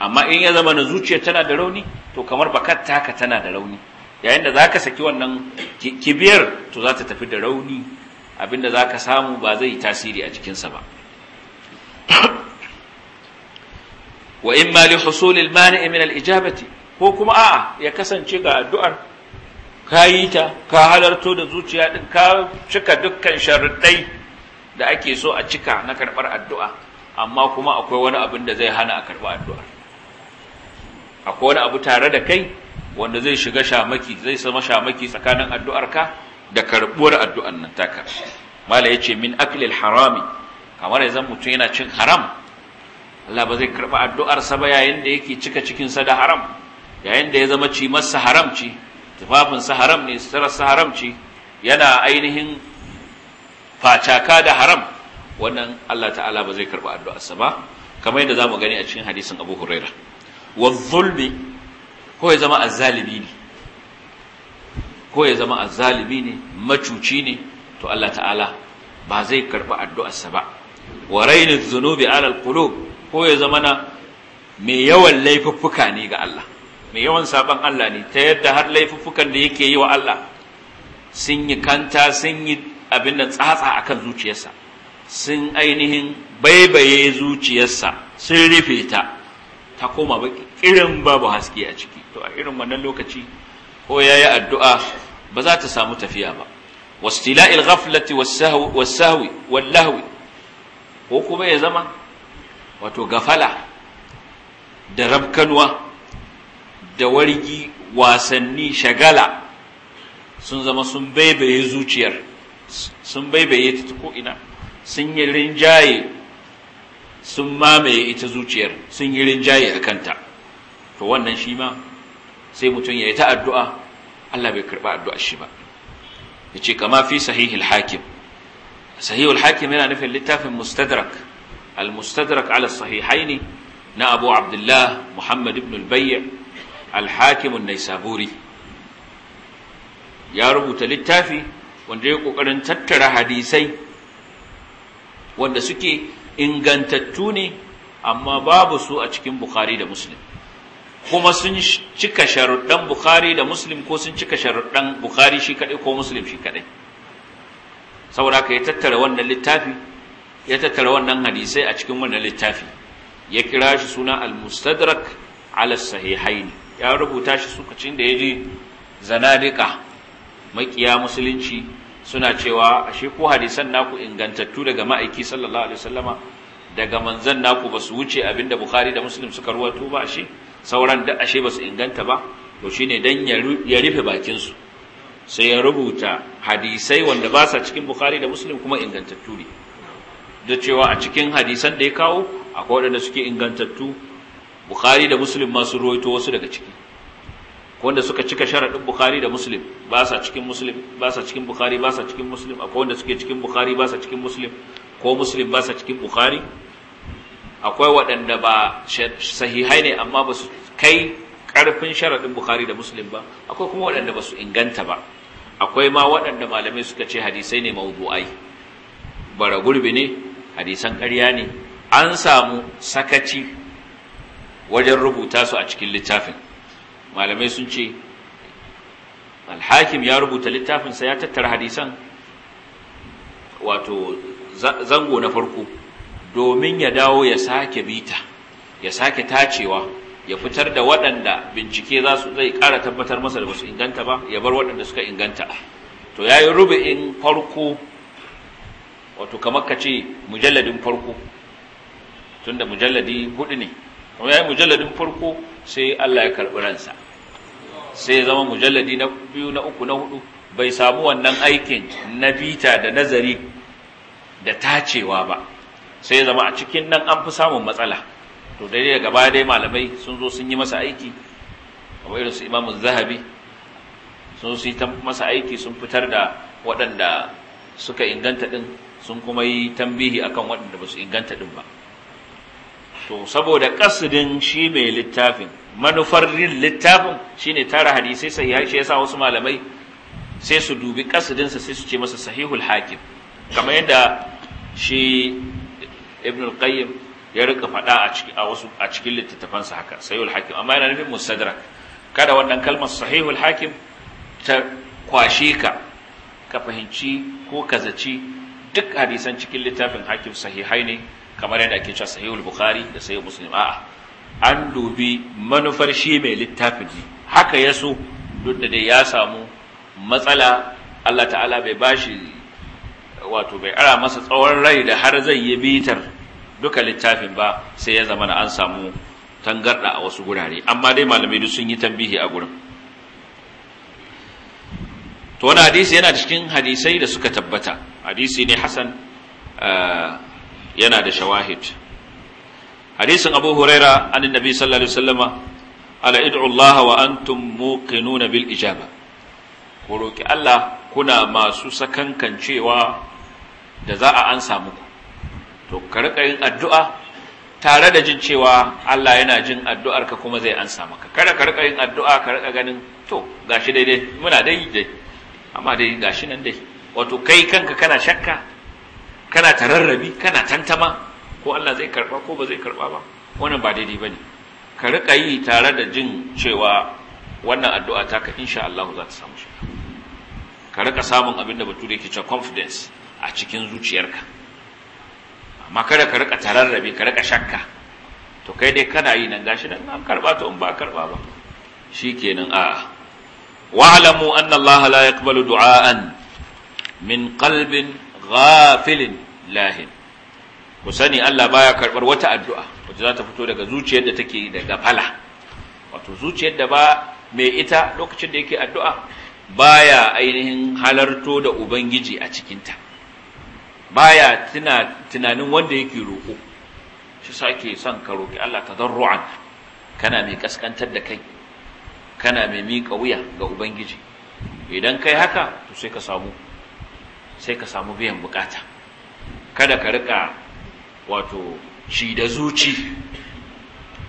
amma in ya zama na zuciya tana da rauni to kamar bakar taka tana da rauni yayin da zaka saki wannan kibiyar to za ta tafi da rauni abinda ka samu ba zai tasiri a jikinsa ba wa imma li husul al mani min al ijabati ko kuma a'a ya kasance ga addu'ar ka ta ka halarto da zuciya din ka cika dukkan sharuɗai da ake so a cika na karbar addu'a amma kuma akwai wani abin da zai hana a karɓar addu'ar akwai wani abu tare da kai wanda zai shiga shamaki zai sama shamaki tsakanin addu'arka da karbuwar addu'an nan taka mala yace min aklil harami kamar yanzu mutum yana cin haram Allah ba zai karba addu'arsa ba yayin da yake cika cikin sa da haram yayin da ya zama ci masa haram tufafin sa haram ne sarar sa haram yana ainihin facaka da haram wannan Allah ta'ala ba zai karba addu'arsa ba kamar yadda zamu gani a cikin hadisin Abu Hurairah wa zulmi ko ya zama azzalimi ne ko ya zama azzalimi ne macuci ne to Allah ta'ala ba zai karɓi addu'arsa ba wa rainin zunubi alal qulub ko ya zama na Me yawan laifuffuka ne ga Allah Me yawan saban Allah ne ta yadda har laifuffukan da yake yi wa Allah sun yi kanta sun yi abin da tsatsa akan zuciyarsa sun ainihin baibaye zuciyarsa sun rufe ta ta koma ba irin babu haske a ciki to a irin wannan lokaci ko yi addu'a ba za ta samu tafiya ba wastila'il ghaflati was-sahwi wal ko kuma ya zama wato gafala da Rabkanuwa da wargi wasanni shagala sun zama sun baibaye zuciyar sun baibaye ta ko ina sun yi rinjaye sun mamaye ita zuciyar sun yi rinjaye a kanta to wannan shi ma sai mutum ya yi ta addu'a Allah bai karɓa addu'a shi ba ya ce kama fi sahihul hakim sahihul hakim yana nufin littafin mustadrak al-mustadrak ala na abu abdullah muhammad ibn al-bayy al-hakim naisaburi ya rubuta littafi wanda ya ƙoƙarin tattara hadisai wanda suke ingantattu ne amma babu su a cikin bukhari da muslim kuma sun cika sharuɗan bukhari da muslim ko sun cika sharuɗan bukhari shi kaɗai ko muslim shi kaɗai saboda ka ya tattara wannan littafi ya tattara wannan hadisai a cikin wannan littafi ya kira shi suna al-mustadrak ala sahihaini ya rubuta shi sukacin da ya ji zanadika makiya musulunci suna cewa ashe ko hadisan naku ingantattu daga ma'aiki sallallahu alaihi wasallama daga manzan naku ba su wuce abinda bukhari da muslim suka ruwato ba shi? sauran da ashe ba su inganta ba to shine dan ya rufe bakinsu sai ya rubuta hadisai wanda ba sa cikin bukhari da muslim kuma ingantattu ne da cewa a cikin hadisan da ya kawo akwai waɗanda suke ingantattu bukhari da muslim sun rawaito wasu daga ciki wanda suka cika sharaɗin bukhari da muslim ba sa cikin muslim ba sa cikin bukhari ba sa cikin muslim akwai wanda suke cikin bukhari ba sa cikin muslim ko muslim ba sa cikin bukhari akwai waɗanda ba sahihai ne amma ba su kai ƙarfin sharaɗin bukhari da muslim ba akwai kuma waɗanda ba su inganta ba akwai ma waɗanda malamai suka ce hadisai ne mawdu'ai bara gurbi ne hadisan ƙarya ne an samu sakaci wajen rubuta su a cikin littafin malamai sun ce alhakim ya rubuta littafinsa ya tattara hadisan wato zango na farko domin ya dawo ya sake bita ya sake tacewa ya fitar da waɗanda bincike za su zai ƙara tabbatar masa da ba su inganta ba ya bar waɗanda suka inganta to ya yi rubu'in farko wato kamar ka ce mujalladin farko Tun da mujalladi hudu ne kuma ya yi mujalladin farko sai Allah ya karɓi ransa sai ya zama mujalladi na biyu na uku na hudu bai samu wannan aikin na bita da nazari da tacewa ba sai ya zama a cikin nan an fi samun matsala to daidai daga baya dai malamai sun zo sun yi masa aiki kamar irin su imamu zahabi sun su yi masa aiki sun fitar da waɗanda suka inganta ɗin sun kuma yi tambihi akan waɗanda ba su inganta ɗin ba to saboda ƙasidin shi mai littafin manufar yin littafin shine tara hadisai sahihai shi yasa wasu malamai sai su dubi ƙasidinsa sai su ce masa sahihul hakim kamar yadda shi ibn al-qayyim ya rika faɗa a cikin a wasu a cikin littattafansa haka sahihul hakim amma yana nufin musadrak kada wannan kalmar sahihul hakim ta kwashe ka ka fahimci ko ka zaci duk hadisan cikin littafin hakim sahihai ne kamar yadda ake cewa sahihul bukhari da sahihul muslim a'a an dubi manufar shi mai littafin ne haka ya so duk da dai ya samu matsala Allah ta'ala bai bashi wato bai ara masa tsawon rai da har zai yi bitar duka littafin ba sai ya zama na an samu tangarda a wasu gurare amma dai malamai duk sun yi tambihi a gurin to wani hadisi yana cikin hadisai da suka tabbata hadisi ne hasan eh, yana da shawahid hadisin abu huraira an nabi sallallahu alaihi wasallama ala Allah wa antum muqinuna bil ijaba ku roki Allah kuna masu sakankan cewa da za a ansa muku to ka rika yin addu'a tare da jin cewa Allah yana jin addu'arka kuma zai ansa maka kada ka rika yin addu'a ka rika ganin to gashi daidai muna dai dai amma dai gashi nan dai wato kai kanka kana shakka kana tararrabi kana tantama ko Allah zai karba ko ba zai karba ba wannan ba daidai bane ka rika yi tare da jin cewa wannan addu'a ta ka insha Allah za ta samu shi ka rika samun abin da bature ke cewa confidence a cikin zuciyarka amma kada ka rika tararrabe ka rika shakka to kai dai kana yi nan gashi nan an karba to in ba karba ba shikenan a'a wa'lamu anna Allah la yaqbalu du'aan min qalbin ghafilin lahin ku sani Allah baya karbar wata addu'a wacce za ta fito daga zuciyar da take daga fala wato zuciyar da ba mai ita lokacin da yake addu'a baya ainihin halarto da ubangiji a cikinta baya tuna tunanin wanda yake roƙo shi sake son ka roƙi Allah tadarru'an kana mai kaskantar da kai kana mai miƙa wuya ga ubangiji idan kai haka to sai ka samu sai ka samu biyan bukata kada ka rika wato shi da zuci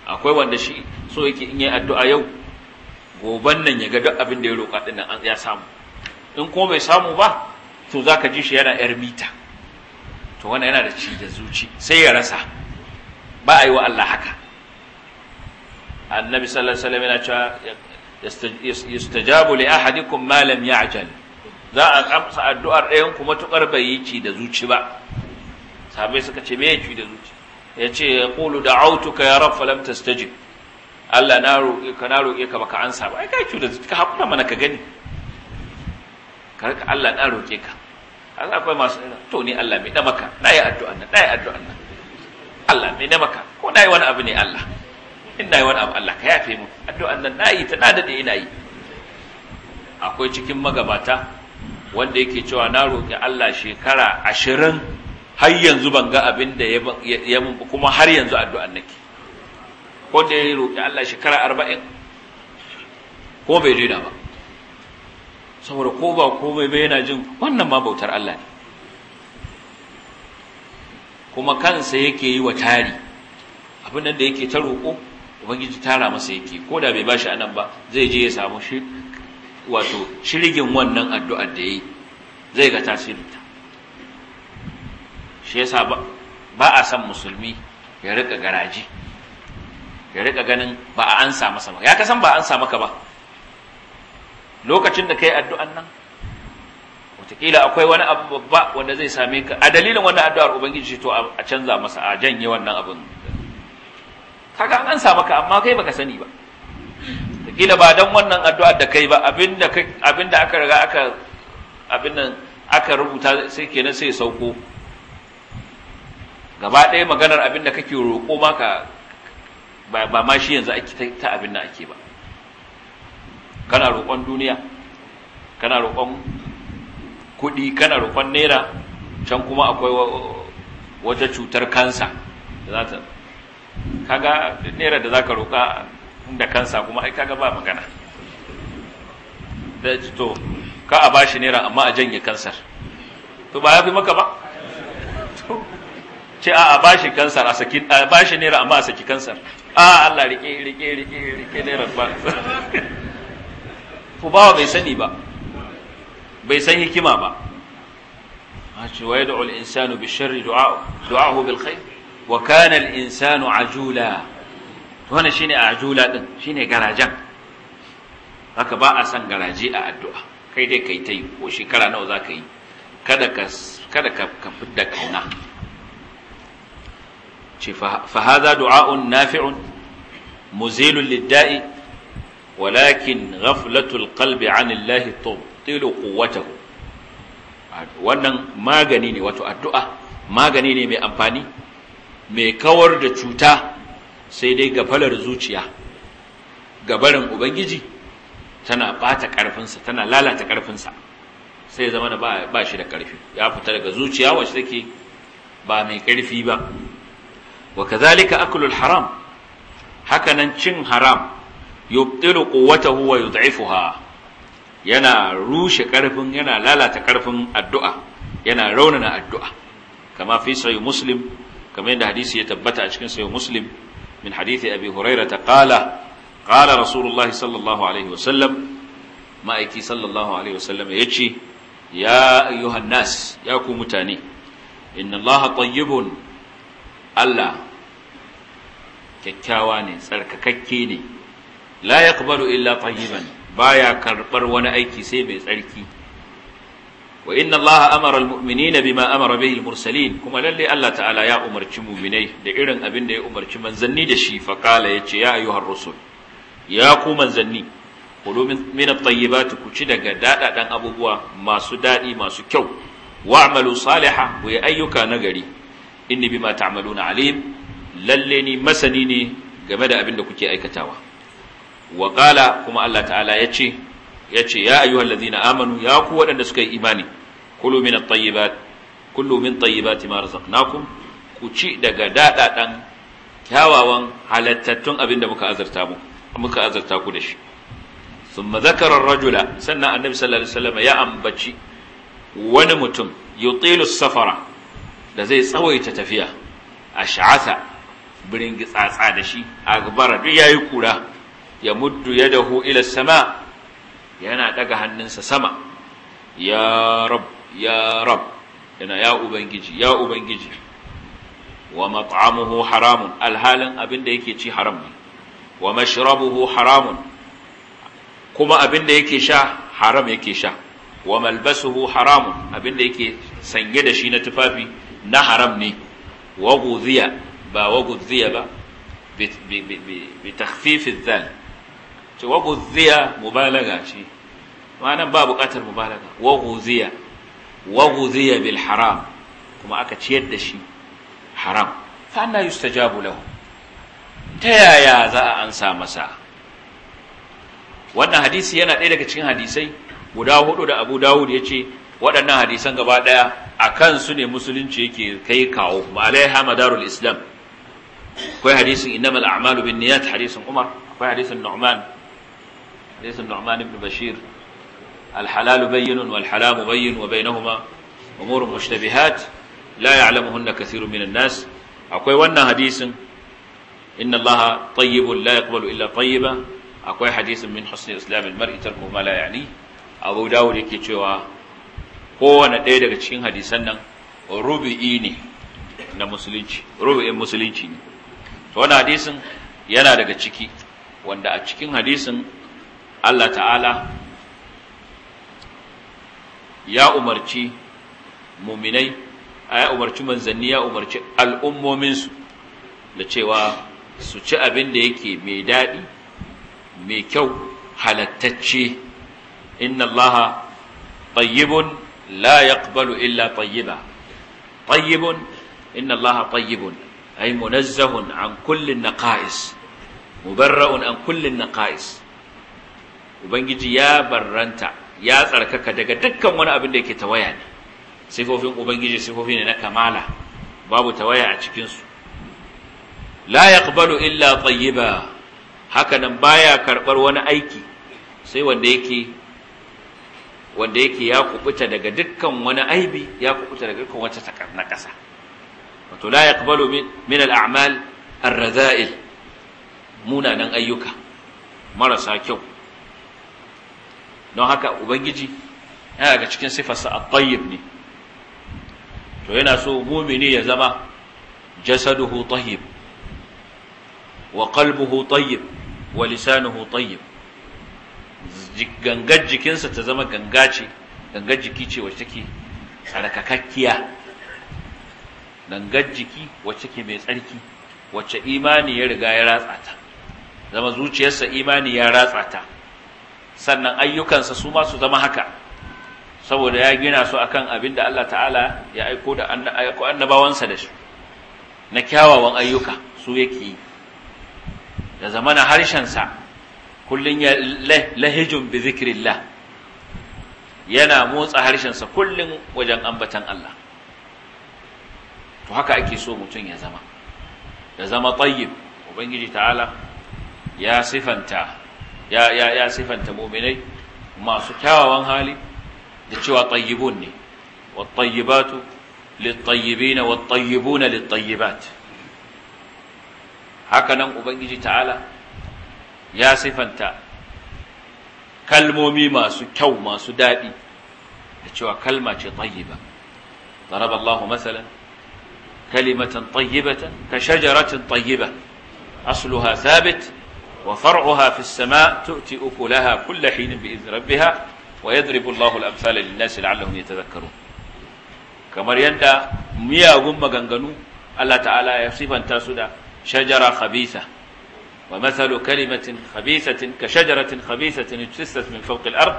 akwai wanda shi so yake in yi addu'a yau goban nan ya ga duk abin da ya roƙa dinnan ya samu in ko bai samu ba to zaka ji shi yana yar mita to wanda yana da ci da zuci sai ya rasa ba a yi wa Allah haka annabi sallallahu alaihi yana cewa yastajabu li ahadikum ma lam ya'jal za a amsa addu'ar ɗayan kuma tukar bai yi ci da zuci ba sahabbai suka ce me ya ci da zuci Ya ce yace yaqulu da'awtuka ya rabu falam tastajib Allah na roƙe ka na roƙe ka baka ansa ba ai kai ci da zuci ka hakura mana ka gani karka Allah na roƙe ka an akwai masu to ni Allah mai damaka na yi addu'an nan na yi addu'an nan Allah mai damaka ko na yi wani abu ne Allah in na yi wani abu Allah ka yafe mu addu'an nan na yi ta na da ina yi akwai cikin magabata wanda yake cewa na roƙi Allah shekara ashirin har yanzu ban ga abin da ya kuma har yanzu addu'an nake ko da ya roƙi Allah shekara arba'in ko bai daina ba saboda ko ba komai ba yana jin wannan ma bautar Allah ne kuma kansa yake yi wa tari abin da yake ta roƙo ubangiji tara masa yake ko da bai bashi anan ba zai je ya samu shi wato shirgin wannan addu'ar da yayi zai ga ta. shi yasa ba ba a san musulmi ya rika garaji ya rika ganin ba a ansa masa ba ya kasan ba a ansa maka ba lokacin da kai addu'an nan wataƙila akwai wani abu babba wanda zai same ka a dalilin wannan addu'ar ubangiji to a canza masa a janye wannan abin kaga an ansa maka amma kai baka sani ba wataƙila ba dan wannan addu'ar da kai ba abinda abinda aka riga aka abin nan aka rubuta sai kenan sai sauko gaba ɗaya maganar abin da kake roƙo maka ba ma shi yanzu ake ta abin da ake ba kana roƙon duniya kana roƙon kuɗi kana roƙon naira can kuma akwai wata cutar kansa za ta kaga naira da za ka roƙa da kansa kuma ai kaga ba magana da to ka a bashi naira amma a janye kansar to ba ya fi maka ba ce a bashi kansar a saki a bashi naira amma a saki kansar a Allah rike rike rike rike naira ba fubawa bai sani ba bai san hikima ba a ce wa yadda al'insanu bi sharri du'ahu bil khair wa kana al'insanu ajula wannan shine ajula din shine garajan haka ba a san garaje a addu'a kai dai kai ta yi ko shekara nawa za ka yi kada ka kada ka ka fidda kauna ce fa hadha du'a'un nafi'un muzilun lid-da'i walakin ghaflatul qalbi anillahi tubtilu quwwatahu wannan magani ne wato addu'a magani ne mai amfani mai kawar da cuta sai dai gafalar zuciya gabarin ubangiji tana bata karfinsa tana lalata karfinsa sai zama da ba shi da karfi ya fita daga zuciya wacce take ba mai karfi ba wa kazalika aklul haram hakanan cin haram yubtilu quwwatahu wa yud'ifuha yana rushe karfin yana lalata karfin addu'a yana raunana addu'a kama fi sahih muslim kama inda hadisi ya tabbata a cikin sahih muslim min hadisi abi hurairah qala qala rasulullahi sallallahu alaihi sallam ma'aiki sallallahu alaihi wasallam yace ya ayyuhan nas ya ku mutane inna allaha tayyibun allah kyakkyawa ne tsarkakakke ne la yaqbalu illa tayyiban baya karbar wani aiki sai mai tsarki wa inna allaha amara almu'minina bima amara bihi almursalin kuma lalle Allah ta'ala ya umarci mu'minai da irin abin da ya umarci manzanni da shi fa ya yace ya ayyuhar rusul ya ku manzanni kulu min at-tayyibati ku ci daga dadadan abubuwa masu dadi masu kyau wa'malu salihan ku ayyuka nagari inni bima ta'maluna alim lalle ni masani ne game da abin da kuke aikatawa wa kuma Allah ta'ala yace yace ya ayyuhallazina amanu ya ku waɗanda suka yi imani kulu min at-tayyibat kullu min tayyibati ma razaqnakum ku ci daga dadadan kyawawan halattattun abinda muka azurta muku muka azurta ku da shi thumma zakara ar-rajula sannan annabi sallallahu alaihi wasallam ya ambaci wani mutum yutilu safara da zai tsawaita tafiya ash'atha birin gitsatsa da shi agbara duk yayi kura ya muddu yadahu ila sama yana daga hannunsa sama ya rab ya rab yana ya ubangiji ya ubangiji wa mat'amuhu haramun alhalin abinda yake ci haram ne wa mashrabuhu haramun kuma abinda yake sha haram yake sha wa malbasuhu haramun abinda yake sanye da shi na tufafi na haram ne wa guziya ba wa guziya ba bi takhfif dhal ce wa guziya mubalaga ce, ma'anan ba buƙatar mubalaga wa guziya bil haram kuma aka ciyar da shi haram fa anna yustajabu lahu ta yaya za a ansa masa wannan hadisi yana ɗaya daga cikin hadisai guda hudu da Abu Dawud ya ce waɗannan hadisan gaba ɗaya a su ne musulunci yake kai kawo ma'alaiha madarul islam akwai hadisin innamal a'malu bin hadisin Umar akwai hadisin Nu'man hadisin Nu'man Bashir al-halal bayyinun wal haram bayyin wa bainahuma umur mushtabihat akwai wannan hadisin inna tayyibun la yaqbalu illa tayyiba akwai hadisin min husni islam al-mar'i yake cewa kowane na musulunci musulunci ne to hadisin yana daga ciki wanda a cikin hadisin Allah ta'ala ya umarci muminai A ya umarci manzanni ya umarci al'ummominsu da cewa su ci abin da yake mai daɗi mai kyau halattacce inna Allah tayyibun la yaqbalu illa tayyiba tayyibun inna Allah tayyibun ay munazzahun an kulli naqais mubarra'un an kulli naqais ubangiji ya barranta ya tsarkaka daga dukkan wani abin da yake tawaya ne sifofin ubangiji sifofi ne na kamala babu tawaya a cikinsu la yaqbalu illa tayyiba haka nan baya karbar wani aiki sai wanda yake wanda yake ya kubuta daga dukkan wani aibi ya kubuta daga dukkan wata na kasa wato la yaqbalu min al-a'mal ar-radha'il munanan ayyuka marasa kyau don haka ubangiji yana daga cikin sifarsa a tayyib ne to yana so mumini ya zama jasaduhu tayyib wa qalbuhu tayyib wa lisanuhu tayyib gangar jikinsa ta zama ganga ce gangar jiki ce wacce ke? tsarkakakkiya gangar jiki wacce ke mai tsarki wacce imani ya riga ya ratsa ta zama zuciyarsa imani ya ratsa ta sannan ayyukansa su ma su zama haka saboda ya gina su akan abin da Allah ta'ala ya aiko da annabawansa da shi na kyawawan ayyuka su yake yi da zamana harshensa kullum ya lahijun bi zikrillah yana motsa harshensa kullum wajen ambatan Allah to haka ake so mutum ya zama da zama tsayin, ubangiji ta'ala ya sifanta ya ya ya sifanta mu'minai masu kyawawan hali da cewa tayyibun ne wat-tayyibatu lit-tayyibina wat-tayyibuna lit-tayyibat haka nan ubangiji ta'ala ya sifanta kalmomi masu kyau masu daɗi da cewa kalma ce tayyiba ضرب الله مثلا كلمة طيبة كشجرة طيبة asluha ثابت وفرعها في السماء تؤتي أكلها كل حين بإذن ربها ويضرب الله الأمثال للناس لعلهم يتذكرون كما يندى ميا غم غنغنو الله تعالى يصف أن تسدى شجرة خبيثة ومثل كلمة خبيثة كشجرة خبيثة اجتثت من فوق الأرض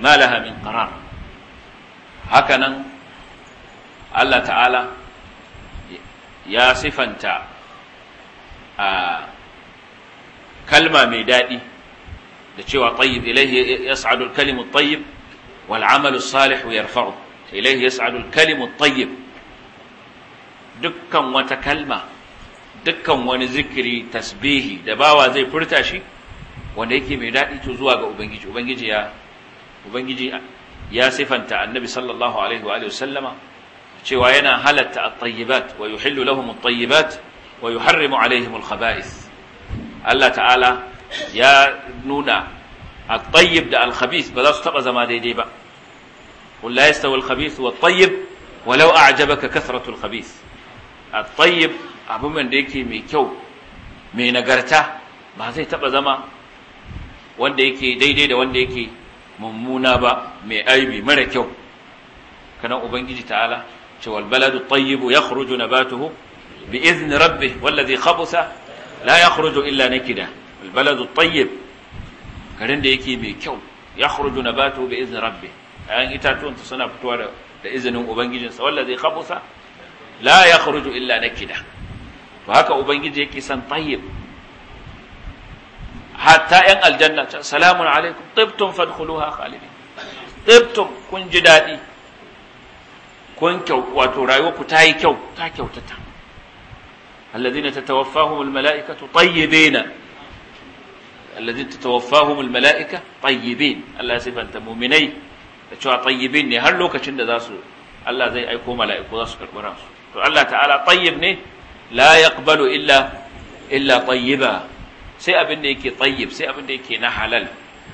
ما لها من قرار هكذا الله تعالى يا صفنت آه kalma mai daɗi da cewa tayyib ilaihi yas'adul kalimu tayyib wal amalu salih yarfa'u ilaihi yas'adul kalimu tayyib dukkan wata kalma dukkan wani zikiri tasbihi da bawa zai furta shi wanda yake mai daɗi to zuwa ga ubangiji ubangiji ya ubangiji ya sifanta annabi sallallahu alaihi wa sallama cewa yana halatta at-tayyibat wa yuhillu lahum at-tayyibat wa yuharrimu alaihim al-khaba'ith Allah ta'ala ya nuna a tayyib da alkhabis ba za su taba zama daidai ba qul la yastawi al wa tayyib walau ajaba ka al-khabith a tayyib abu da yake mai kyau mai nagarta ba zai taba zama wanda yake daidai da wanda yake mummuna ba mai aibi mara kyau kana ubangiji ta'ala ce wal baladu at-tayyib ba nabatuhu bi izni rabbih wallazi khabutha la yakhruju illa nakida al baladu tayyib garin da yake mai kyau yakhruju nabatu bi izni rabbi ayan itatuwan suna fitowa da da izinin ubangijinsa wallazi khabusa la yakhruju illa nakida to haka ubangiji yake san tayyib hatta yan aljanna ta salamun alaikum tibtum fadkhuluha khalidin tibtum kun ji dadi kun kyau wato rayuwa rayuwarku ta yi kyau ta kyautata الذين تتوفاهم الملائكة طيبين الذين تتوفاهم الملائكة طيبين الله سيفان تمومني تشوى طيبين ne har lokacin da za su Allah zai aiko mala'iku za su karɓi ransu to Allah ta'ala tayyib ne la yaqbalu illa illa tayyiba sai abin da yake tayyib sai abin da yake na halal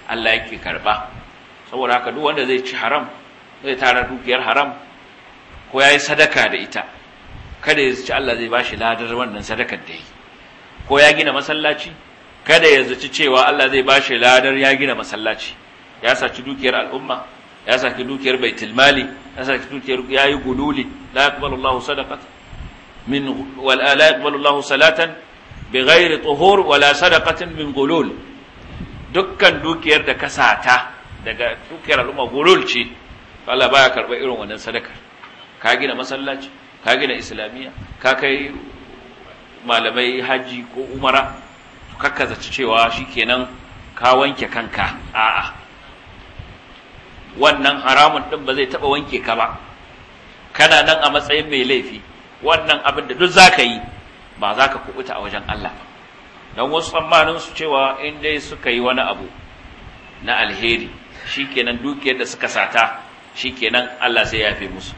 Allah yake karba saboda haka duk wanda zai ci haram zai tara dukiyar haram ko yi sadaka da ita kada ya zaci Allah zai ba shi ladar wannan sadakar da yi ko ya gina masallaci kada ya zaci cewa Allah zai ba shi ladar ya gina masallaci ya saci dukiyar al'umma ya saci dukiyar baitul mali ya saci dukiyar yayi gululi la yaqbalu Allah sadaqat min wal la yaqbalu Allah salatan bighairi tuhur wala sadaqatin min gulul dukkan dukiyar da kasata daga dukiyar al'umma gulul ce Allah baya karɓar irin wannan sadakar ka gina masallaci ka gina islamiyya ka kai malamai haji ko umara kakka zaci cewa shikenan ka wanke kanka a'a wannan haramun din ba zai taba wanke ka ba kana nan a matsayin mai laifi wannan abin da duk zaka yi ba za ka kubuta a wajen Allah ba don wasu tsammanin su cewa in dai suka yi wani abu na alheri shikenan dukiyar da suka sata shikenan Allah sai ya yafe musu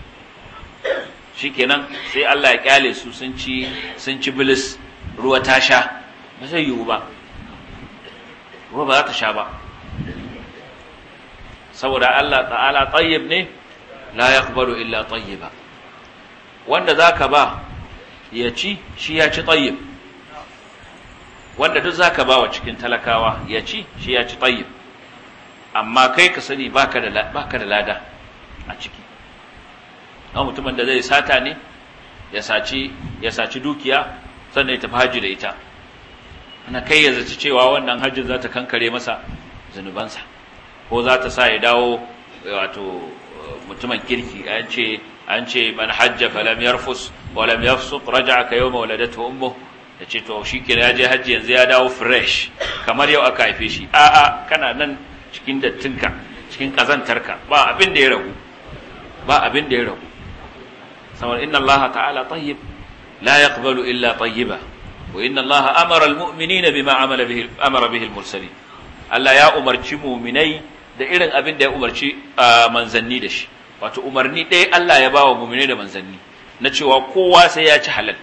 shikenan sai Allah ya kyale su sun ci sun ci bilis ruwa ta sha ba zai yiwu ba ruwa ba za ta sha ba saboda Allah ta'ala tayyib ne la yaqbalu illa tayyiba wanda zaka ba ya ci shi ya ci tayyib wanda duk zaka ba wa cikin talakawa ya ci shi ya ci tayyib amma kai ka sani baka da baka da lada a ciki na mutumin da zai sata ne ya saci ya saci dukiya sannan ya tafi haji da ita ana kai ya zaci cewa wannan hajjin za ta kankare masa zunubansa ko za ta sa ya dawo wato mutumin kirki an ce an ce man hajja lam yarfus wa lam yafsuq raja'a ka yawma waladatu ummu ya ce to shi ke yaje je hajji yanzu ya dawo fresh kamar yau aka haife shi a'a kana nan cikin dattinka cikin kazantarka ba abin da ya ragu ba abin da ya ragu samar inna allaha ta'ala tayyib la yaqbalu illa tayyiba wa inna allaha amara almu'minina bima amala bihi amara bihi Allah ya umarci mu'minai da irin abin da ya umarci manzanni da shi wato umarni ɗaya Allah ya bawa mu'minai da manzanni na cewa kowa sai ya ci halal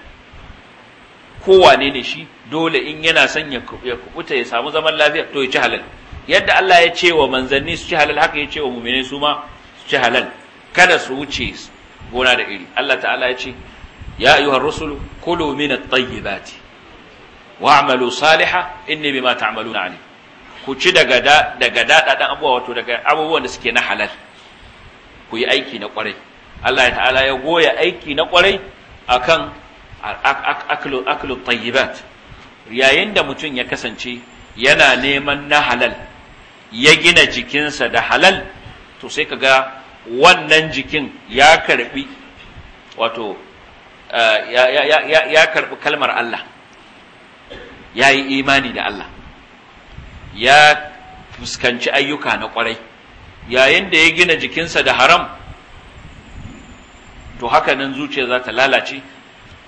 kowa ne ne shi dole in yana son ya kubuta ya samu zaman lafiya to ya ci halal yadda Allah ya ce wa manzanni su ci halal haka ya ce wa mu'minai su ma su ci halal kada su wuce gona da iri Allah ta'ala ya ce ya ayyuhar rusulu kulu min at-tayyibati wa'malu salihan inni bima ta'maluna alim ku ci daga da daga abubuwa wato daga abubuwan da suke na halal ku yi aiki na kwarai Allah ta'ala ya goya aiki na kwarai akan aklu aklu tayyibat yayin da mutum ya kasance yana neman na halal ya gina jikinsa da halal to sai ka kaga wannan jikin ya karbi wato eh, ya karbi kalmar Allah ya yi imani da Allah ya fuskanci ayyuka na kwarai yayin da ya gina jikinsa da haram to haka nan zuciya za ta lalace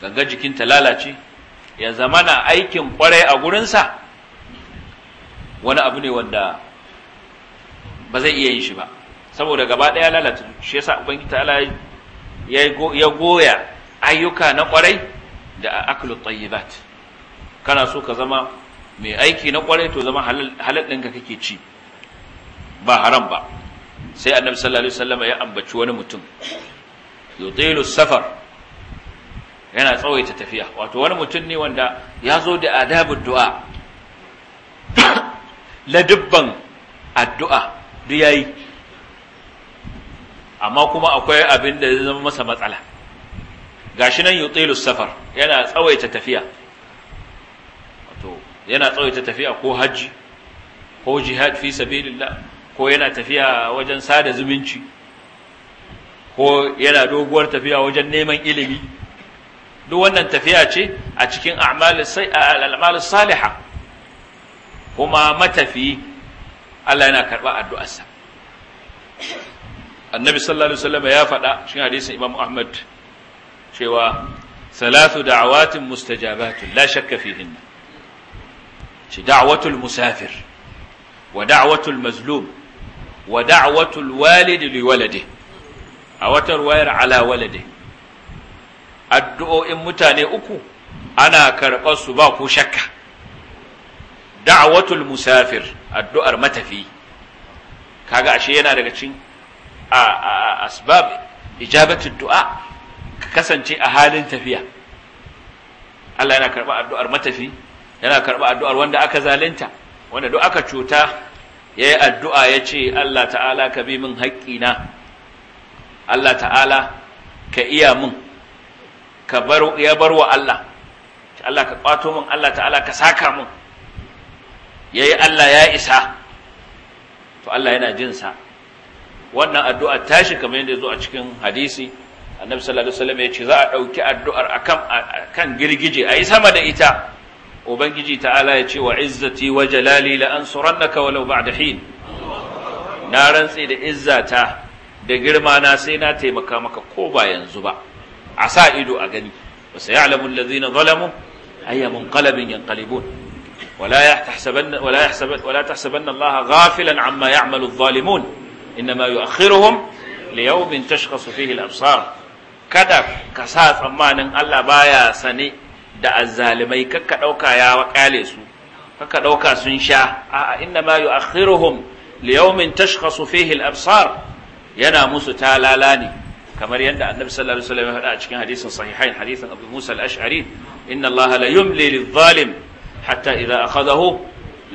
ganga jikin ta lalace ya zama na aikin kwarai a gurinsa wani abu ne wanda ba zai iya yin shi ba saboda gaba ɗaya lalata shi yasa ubangiji ta'ala ya goya ayyuka na kwarai da aklu tayyibat kana so ka zama mai aiki na kwarai to zama halal ɗinka kake ci ba haram ba sai annabi sallallahu alaihi wasallam ya ambaci wani mutum yutilu safar yana tsawaita tafiya wato wani mutum ne wanda ya zo da adabin du'a ladubban addu'a duk yayi amma kuma akwai abin da zai zama masa matsala gashi nan yutilu safar yana tsawaita tafiya wato yana tsawaita tafiya ko haji ko jihad fi sabilillah ko yana tafiya wajen sada zumunci ko yana doguwar tafiya wajen neman ilimi duk wannan tafiya ce a cikin al’amal Saliha kuma matafi Allah yana karɓa addu'arsa annabi sallallahu alaihi wasallam ya faɗa cikin hadisin imam ahmad cewa salatu da'awatin mustajabatun la shakka fihinna ci da'watul musafir wa da'watul mazlum wa da'watul walidi li walade a watar wayar ala walade addu'o'in mutane uku ana karɓar su ba ko shakka da'watul musafir addu'ar matafi kaga ashe yana daga cikin a asbab ijabatu du'a ka kasance a halin tafiya Allah yana karɓa addu'ar matafi yana karɓa addu'ar wanda aka zalunta wanda duk aka cuta ya yi addu'a ya ce Allah ta'ala ka bi min haƙƙina Allah ta'ala ka iya min ka bar ya bar wa Allah Allah ka ƙwato min Allah ta'ala ka saka min ya yi Allah ya isa to Allah yana jinsa wannan addu'a tashi kamar yadda zo a cikin hadisi annabi sallallahu alaihi wasallam ya ce za a ɗauki addu'ar akan kan girgije ayi sama da ita ubangiji ta'ala ya ce wa izzati wa jalali la ansurannaka walau ba'da hin na rantse da izzata da girma na sai na taimaka maka ko ba yanzu ba a sa ido a gani wa sayalamu alladhina zalamu ayya munqalabin yanqalibun ولا يحسبن ولا يحسبن ولا تحسبن amma غافلا عما يعمل innama yu'akhiruhum li yawmin tashkhasu fihi kada ka sa tsammanin Allah baya sane da azzalimai kakka ɗauka ya wakale su kakka ɗauka sun sha a'a innama yu'akhiruhum li yawmin tashkhasu fihi al-absar yana musu talala ne kamar yadda annabi sallallahu alaihi wasallam ya faɗa a cikin hadisin sahihain hadisin abu musa al-ash'ari inna allaha la yumli lidh-dhalim hatta idha akhadahu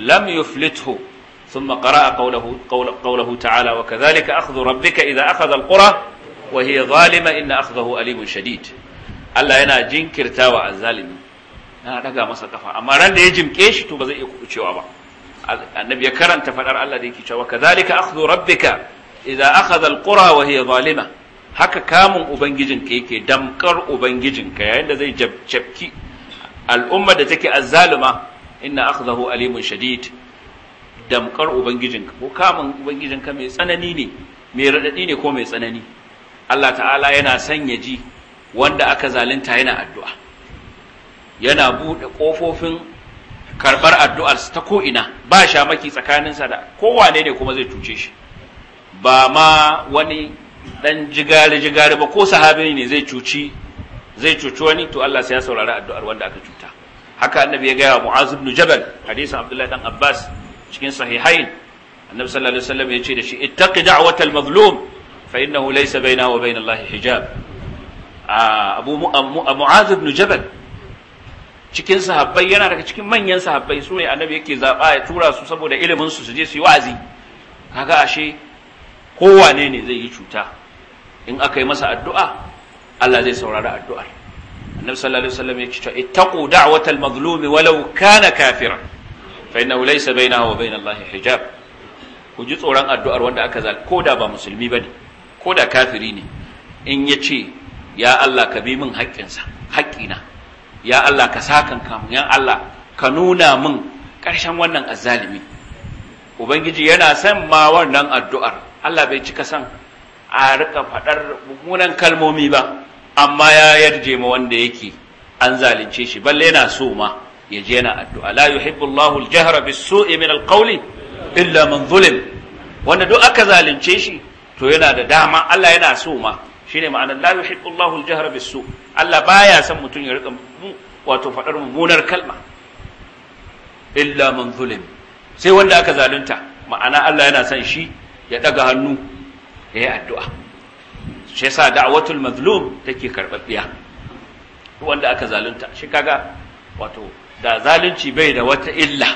lam yuflithu ثم قرأ قوله, قول قوله تعالى وكذلك أخذ ربك إذا أخذ القرى وهي ظالمة إن أخذه أليم شديد Allah yana jinkirtawa azzalimi yana daga masa kafa amma ran da ya jimke shi to ba zai iya kubucewa ba annabi ya karanta faɗar Allah da yake cewa kadhalika akhdhu rabbika idza akhadha alqura wa hiya zalima haka kamun ubangijinka yake damkar ubangijinka yayin da zai jabcabki al'umma da take azzaluma alimun damkar ubangijinka ko kamun ubangijinka mai tsanani ne mai raɗaɗi ne ko mai tsanani Allah ta'ala yana sanya ji wanda aka zalunta yana addu'a yana buɗe ƙofofin karɓar addu'arsa ta ko ina, ba shamaki tsakaninsa da kowane ne kuma zai cuce shi ba ma wani ɗan jigari-jigari ba ko sahabi ne zai cuci zai cuci wani to Allah sai ya saurari addu'ar wanda aka cuta haka annabi ya gaya wa mu'az ibn jabal hadisin abdullahi dan abbas cikin sahihain annabi sallallahu alaihi wasallam ya ce da shi ittaqi da'watal mazlum fa innahu laysa baina wa baina Allah hijab abu mu'az ibn jabal cikin sahabbai yana daga cikin manyan sahabbai su ne annabi yake zaba ya tura su saboda ilimin su su je su yi wa'azi kaga ashe kowane ne zai yi cuta in aka yi masa addu'a Allah zai saurari addu'ar annabi sallallahu alaihi wasallam ya ce ittaqu da'watal mazlum walau kana kafiran fa innahu laysa bainahu wa bainal lahi hijab ku ji tsoron addu'ar wanda aka zal ko da ba musulmi bane ko da kafiri ne in ya ce ya Allah ka bi min haƙƙinsa haƙƙina ya Allah ka sakan kamun ya Allah ka nuna min ƙarshen wannan azalimi. ubangiji yana son ma wannan addu'ar Allah bai cika son a rika faɗar mummunan kalmomi ba amma ya yarje ma wanda yake an zalunce shi balle yana so ma ya je yana addu'a la yuhibbullahu al-jahra bis-su'i illa man zulim wanda duk aka zalunce shi to yana da dama Allah yana so ma shine ma'anar la yuhibbullahu al-jahra bis-su' Allah baya son mutum ya rika wato fadar mummunar kalma illa man zulim sai wanda aka zalunta ma'ana Allah yana son shi ya daga hannu ya yi addu'a shi yasa da'watul mazlum take karbabbiya wanda aka zalunta shi wato da zalunci bai da wata illa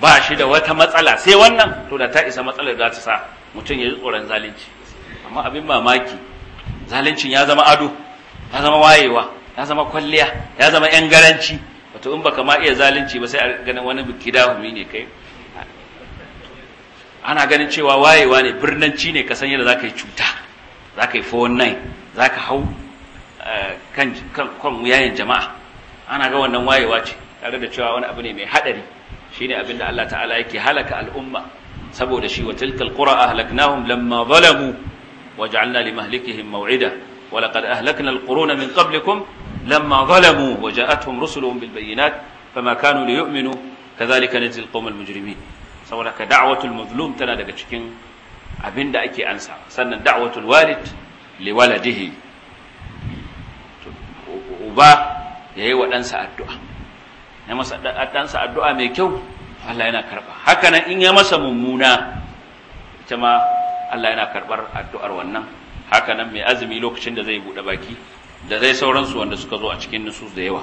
ba shi da wata matsala sai wannan to da ta isa matsalar za ta sa mutum ya yi tsoron zalunci amma abin mamaki zaluncin ya zama ado ya zama wayewa ya zama kwalliya ya zama yan garanci wato in baka ma iya zalunci ba sai a ganin wani da humi ne kai ana ganin cewa wayewa ne birnanci ne ka san yadda zaka yi cuta zaka yi 419 zaka hau eh, kan kan yayin jama'a ana ga wannan wayewa ce tare da cewa wani abu ne mai hadari shine abin da Allah ta'ala yake halaka al'umma saboda shi wa tilkal qura ahlaknahum lamma zalamu waj'alna limahlikihim maw'ida wa laqad ahlakna alquruna min qablikum lamma zalamu wa ja'atuhum rusuluhum bil bayyinat fama kanu liyu'minu kadhalika najzi alqawma almujrimin saboda ka da'watul mazlum tana daga cikin abin da ake ansa sannan da'watul walid liwaladihi uba ya yi waɗansa addu'a ya masa ɗansa addu'a mai kyau Allah yana karɓa haka in ya masa mummuna ita ma Allah yana karɓar addu'ar wannan haka mai azumi lokacin da zai buɗe baki da zai sauransu wanda suka zo a cikin nusus da yawa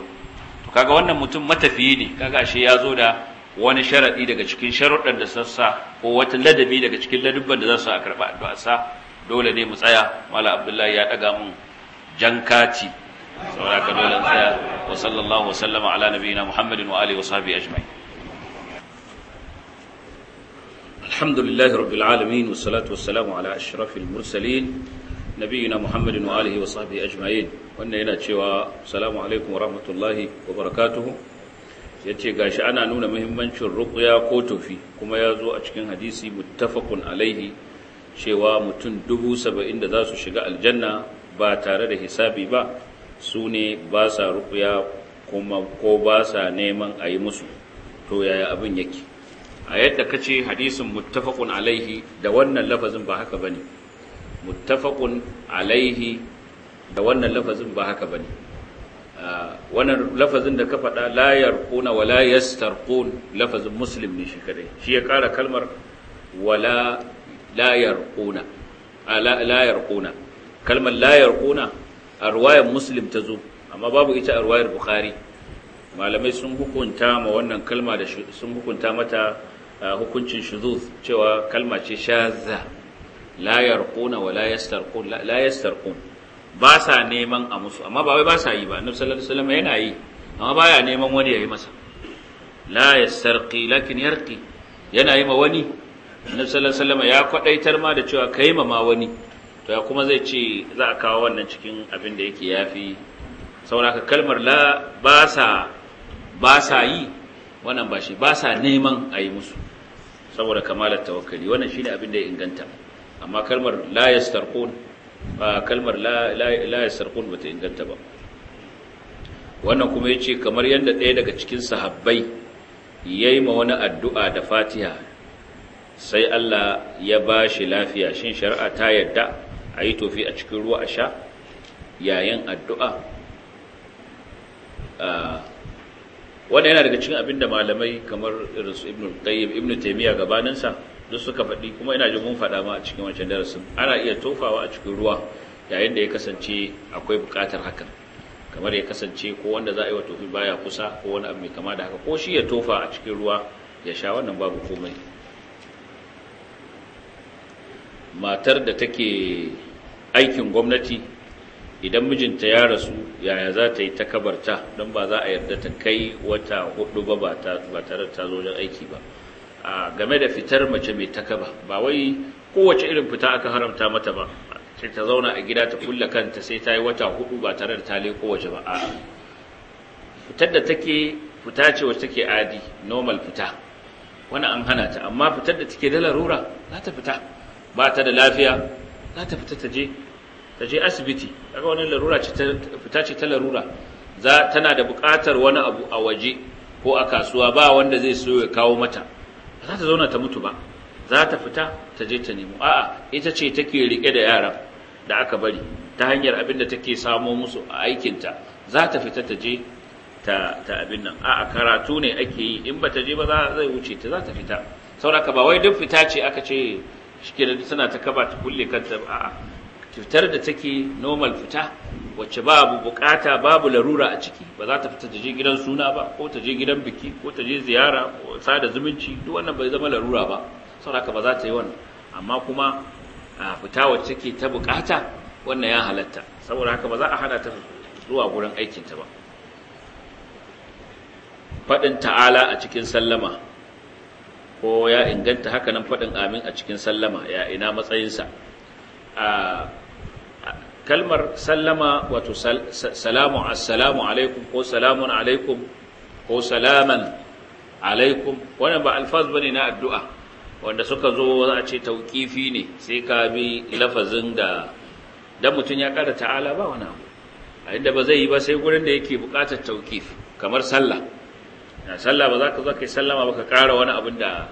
to kaga wannan mutum matafiyi ne kaga shi ya zo da wani sharaɗi daga cikin sharuɗar da sassa ko wata ladabi daga cikin ladubban da za su a karɓa addu'arsa dole ne mu tsaya mala abdullahi ya ɗaga mun jankati saboda ka dole tsaya wa sallallahu wa sallama ala nabiyina muhammadin wa alihi wa sahbihi ajma'in الحمد لله رب العالمين والصلاة والسلام على wa المرسلين نبينا محمد وآله وصحبه أجمعين وأن هنا alaikum wa عليكم wa الله Ya ce gashi ana nuna muhimmancin ruqya ko tufi kuma ya zo a cikin hadisi muttafaqun alaihi cewa mutum dubu saba'in da za su shiga aljanna ba tare da hisabi ba su ne ba sa rukuya kuma ko ba sa neman a yi musu to yaya abin yake a yadda ka ce hadisin muttafaqun alaihi da wannan lafazin ba haka ba ne. muttafaqun alaihi da wannan lafazin ba haka ba ne. wannan lafazin da ka faɗa layar kuna wala yastarqun lafazin muslim ne shi kadai shi ya ƙara kalmar wala layar kuna kalmar layar kuna a ruwayar muslim ta zo amma babu ita a ruwayar bukhari malamai sun hukunta ma wannan kalma da sun hukunta mata hukuncin shuzuz cewa kalma ce shaza la yarquna wa la yastarqun la yastarqun ba sa neman a musu amma ba wai ba sa yi ba annabi sallallahu alaihi wasallam yana yi amma baya neman wani ya yi masa la yastarqi lakin yarqi yana yi ma wani annabi sallallahu alaihi wasallam ya kwadaitar ma da cewa kai ma wani to ya kuma zai ce za a kawo wannan cikin abin da yake yafi sauraka kalmar la ba sa ba sa yi wannan ba shi ba sa neman a yi musu saboda kamalar tawakkali wannan shi ne abin da ya inganta amma kalmar la yastarqun ba kalmar la la ba bata inganta ba wannan kuma ya ce kamar yadda ɗaya daga cikin sahabbai ya yi ma wani addu'a da Fatiha sai Allah ya ba shi lafiya shin shari'a ta yadda a yi tofi a cikin ruwa a sha yayin addu'a ah, wanda yana daga cikin abin da malamai kamar irinsu ibn tayyib ibn taimiyya gabaninsa duk suka faɗi kuma ina jin mun faɗa ma a cikin wancan darasin ana iya tofawa a cikin ruwa yayin da ya kasance akwai buƙatar hakan kamar ya kasance ko wanda za a yi wa tofi baya kusa ko wani abu mai kama da haka ko shi ya tofa a cikin ruwa ya sha wannan babu komai matar da take aikin gwamnati idan mijinta ya rasu yaya za ta yi ta kabarta don ba za a yarda ta kai wata hudu ba ba tare ta zo aiki ba a game da fitar mace mai taka ba Ba wai kowace irin fita aka haramta mata ba sai ta zauna a gida ta kulla kanta sai ta yi wata hudu ba tare da ta leko waje ba a fitar da take fita ce wacce take adi normal fita wani an hana ta amma fitar da take da larura za ta fita ba ta da lafiya za ta fita ta je ta je asibiti kaga wani larura ta fita ce ta larura za tana da buƙatar wani abu a waje ko a kasuwa ba wanda zai so ya kawo mata ba za ta zauna ta mutu ba za ta fita ta je ta nemo a'a ita ce take riƙe da yaran da aka bari ta hanyar abin da take samo musu a aikinta za ta fita ta je ta abin nan a'a karatu ne ake yi in ba ta je ba za zai wuce ta za ta fita sauraka ba wai duk fita ce aka ce shikenan suna ta kaba ta kulle kanta a'a fitar da take normal fita wacce babu bukata babu larura a ciki ba za ta fita ta je gidan suna ba ko ta je gidan biki ko ta je ziyara ko sada zumunci duk wannan bai zama larura ba saboda ba za ta yi wannan amma kuma a fita wacce take ta bukata wannan ya halatta saboda haka ba za a hana ta zuwa gurin aikinta ba faɗin ta'ala a cikin sallama ko ya inganta hakanan faɗin amin a cikin sallama ya ina matsayinsa a kalmar sallama wato salamu assalamu alaikum ko salamun alaikum ko salaman alaikum wanda ba alfaz bane na addu'a wanda suka zo za a ce tauƙifi ne sai ka bi lafazin da dan mutun ya ƙara ta'ala ba wani abu a inda ba zai yi ba sai gurin da yake buƙatar tauƙif kamar sallah na sallah ba za ka zo ka sallama ba ka ƙara wani abin da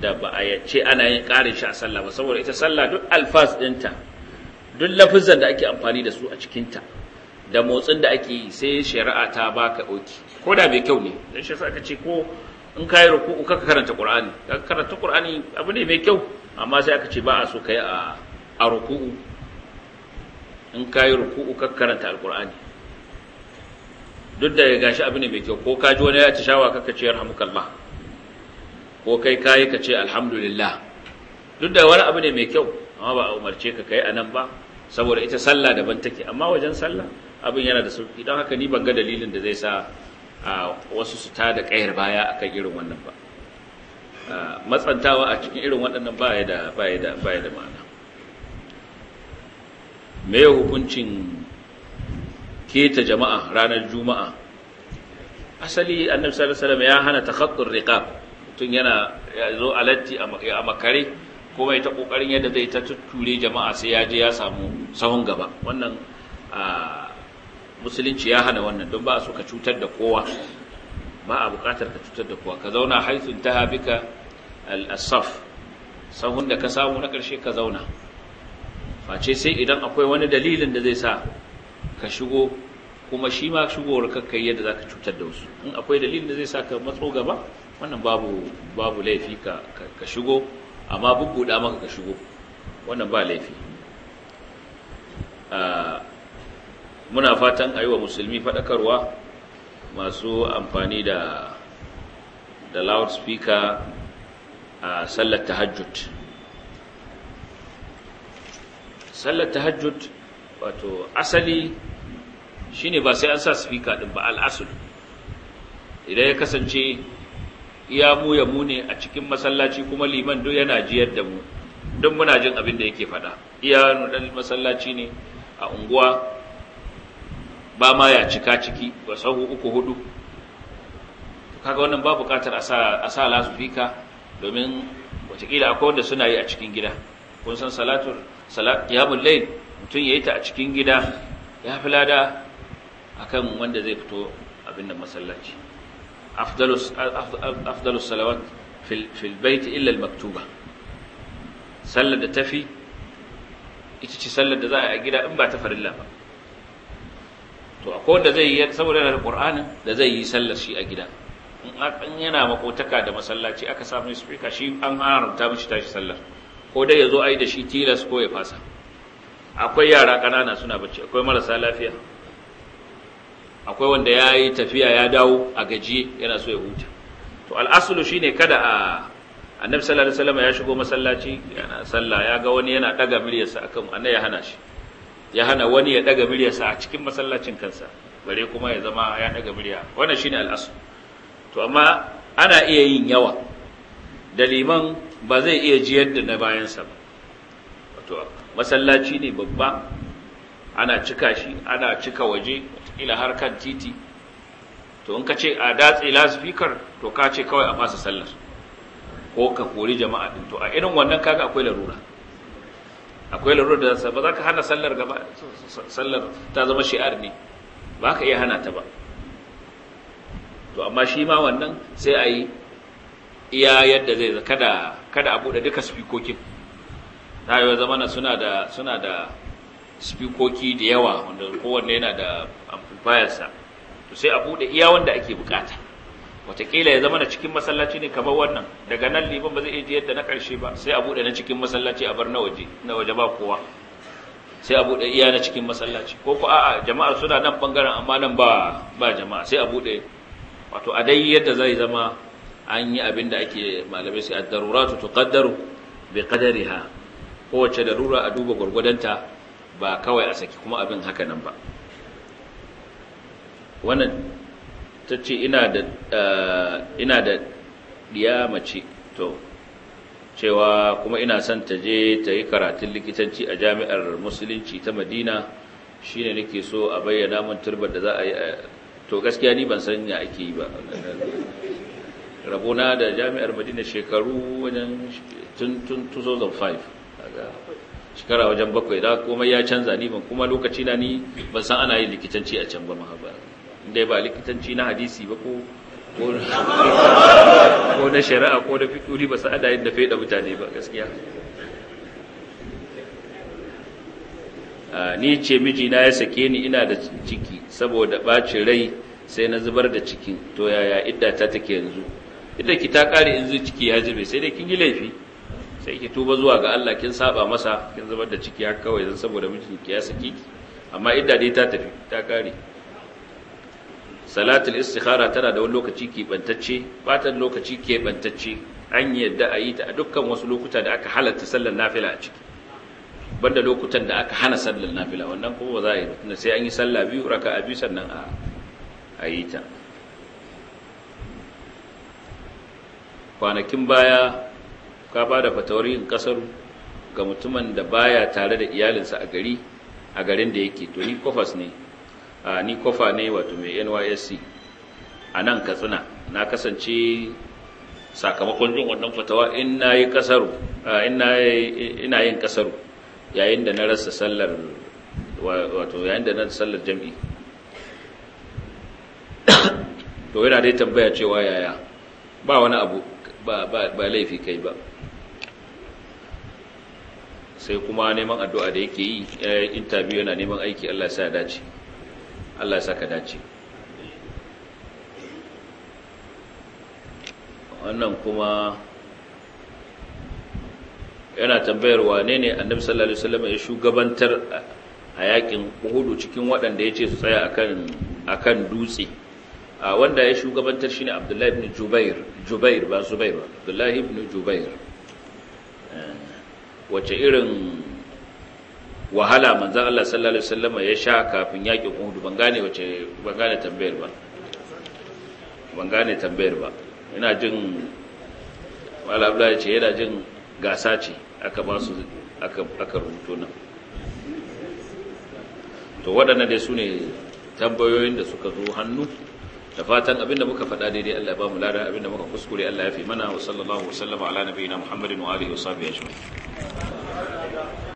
da ba a yace ana yin ƙarin shi a sallah ba saboda ita sallah duk alfas ɗinta duk lafizan da ake amfani da su a cikinta da motsin da ake yi sai shari'a ta baka oki ko da bai kyau ne dan shi aka ce ko in kai ruku'u ka karanta qur'ani ka karanta qur'ani abu ne mai kyau amma sai aka ce ba a so kai a a ruku'u in kai ruku'u ka karanta alqur'ani duk da gashi abu ne mai kyau ko ka ji wani ya ci shawa kaka ce yarhamukallah ko kai kayi ka ce alhamdulillah duk da wani abu ne mai kyau amma ba a umarce ka kai anan ba saboda ita sallah daban take amma wajen sallah abin yana da sauki don haka ni ban ga dalilin da zai sa wasu su ta da kayar baya akan irin wannan ba matsantawa a cikin irin waɗannan baya da baya da baya da ma'ana me hukuncin keta jama'a ranar juma'a asali annabi sallallahu alaihi ya hana takhattur riqab tun yana zo alatti a makare kuma ita kokarin yadda zai ta tutture jama'a sai ya je ya samu sahun gaba wannan musulunci ya hana wannan don ba so ka cutar da kowa ba a bukatar ka cutar da kowa ka zauna haithun ta Habika al-asaf sahun da ka samu na karshe ka zauna face sai idan akwai wani dalilin da zai sa ka shigo kuma shi ma shigowar kakka yadda za ka cutar da wasu in akwai dalilin da zai sa ka matso gaba wannan babu laifi ka, shigo amma bubbuɗa maka ka shigo wannan ba laifi ah, muna fatan a yi wa musulmi faɗakarwa masu amfani da da loudspeaker a sallar tahajjud sallar tahajjud wato asali shine ba sai an sa speaker ɗin ba al'asul idan ya kasance iya mu ya mu ne a cikin masallaci kuma liman duk yana jiyar da mu duk muna jin abin da yake faɗa iya ɗan masallaci ne a unguwa ba ma ya cika ciki ba sahu uku hudu kaga wannan ba buƙatar a sa lasufika domin wataƙila akwai wanda suna yi a cikin gida kun san Salatu ya layl mutum yayi ta a cikin gida ya fi lada akan wanda zai fito abin da masallaci afdalus salawat fil fil bait illa al maktuba sallar da tafi ita ce sallar da za a gida in ba ta farilla ba to akwai wanda zai yi saboda da qur'anin da zai yi sallar shi a gida in yana makotaka da masallaci aka samu speaker shi an haramta mishi tashi sallar ko dai ya zo ai da shi tilas ko ya fasa akwai yara ƙanana suna bacci akwai marasa lafiya akwai wanda ya yi tafiya ya dawo a gaji yana so ya huta to al'asulu shine kada a annabi sallallahu alaihi wasallam ya shigo masallaci yana sallah ya ga wani yana daga miryarsa akan annabi ya hana shi ya hana wani ya daga miryarsa a cikin masallacin kansa bare kuma ya zama ya daga mirya wannan shine al'asul to amma ana iya yin yawa da liman ba zai iya jiyar da na bayansa ba wato masallaci ne babba ana cika shi ana cika waje kila har kan titi to in ka ce a datse lasfikar to ka ce kawai a fasa sallar ko ka kori jama'a din to a irin wannan kaga akwai larura akwai larura da ba za ka hana sallar gaba sallar ta zama shi'ar ne ba ka iya hana ta ba to amma shi ma wannan sai a yi iya yadda zai kada kada a buɗe duka spikokin ta yi zama suna suna da spikoki da yawa wanda kowanne yana da amplifiersa to sai a bude iya wanda ake bukata wataƙila ya zama na cikin masallaci ne kamar wannan daga nan liban ba zai iya yadda na ƙarshe ba sai a bude na cikin masallaci a bar na waje na waje ba kowa sai a bude iya na cikin masallaci ko ko a'a jama'ar suna nan bangaren amma nan ba ba jama'a sai a bude. wato a dai yadda zai zama an yi abin da ake malamai sai ad-daruratu tuqaddaru bi qadariha kowace darura a duba gwargwadonta ba kawai a saki kuma abin haka nan ba wannan ta ce ina da eh, ina mace to cewa kuma ina son ta je ta yi karatun likitanci a jami'ar musulunci ta madina shine nake so a bayyana mun turbar da za a yi to gaskiya ni ban san ya ake yi ba rabona da jami'ar madina shekaru wajen 2005 shekara wajen bakwai da komai ya canza ni ban kuma lokaci na ni ban san ana yin likitanci a can ba ma ba ba likitanci na hadisi ba ko ko na shari'a ko na fituri ba ana yin da faida mutane ba gaskiya ni ce mijina ya sake ni ina da ciki saboda ɓacin rai sai na zubar da cikin to yaya idda ta take yanzu idda ki ta ƙare yanzu ciki ya zube sai dai kin yi laifi sai ki tuba zuwa ga Allah kin saba masa kin zubar da ciki har kawai dan saboda miji ki ya saki amma idda dai ta tafi ta kare salatul istikhara tana da wani lokaci ki bantacce batan lokaci ke bantacce an yadda a yi ta a dukkan wasu lokuta da aka halatta sallar nafila a ciki banda lokutan da aka hana sallar nafila wannan kuma za a yi tunda sai an yi sallah biyu raka'a biyu sannan a a yi ta kwanakin baya ka ba da fatawar yin kasar ga mutumin da baya tare da iyalinsa a gari a garin da yake to ni kofas ne a ni kofa ne wato mai NYSC a nan katsina na kasance sakamakon jin wannan fatawa in yi kasaru ina yin kasaru yayin da na rasa sallar wato yayin da na rasa sallar jam'i to yana dai tambaya cewa yaya ba wani abu ba laifi kai ba sai kuma neman addu'a da yake yi eh, interview yana neman aiki Allah ya sa dace Allah ya ka dace wannan kuma yana tambayar ne ne annabi sallallahu alaihi ya shugabantar a yakin hudu cikin waɗanda ya ce su tsaya akan kan dutse wanda ya shugabantar shi ne Abdullahi ibn Jubair Jubair ba Zubair ba abdullahi ibn Jubair wace irin wahala manzan Allah sallallahu Alaihi wasallama ya sha kafin yaƙin uhudu ban gane wace ban gane tambayar ba ban gane tambayar ba ina jin malabla ya ce yana jin gasa ce aka ba su aka rubuto nan to waɗanda dai su ne tambayoyin da suka zo hannu da fatan abinda muka faɗa daidai Allah ya ba mu lada abinda muka kuskure Allah ya fi mana wa sallallahu wa sallama ala nabiyina Muhammadin wa alihi wa sahbihi ajma'in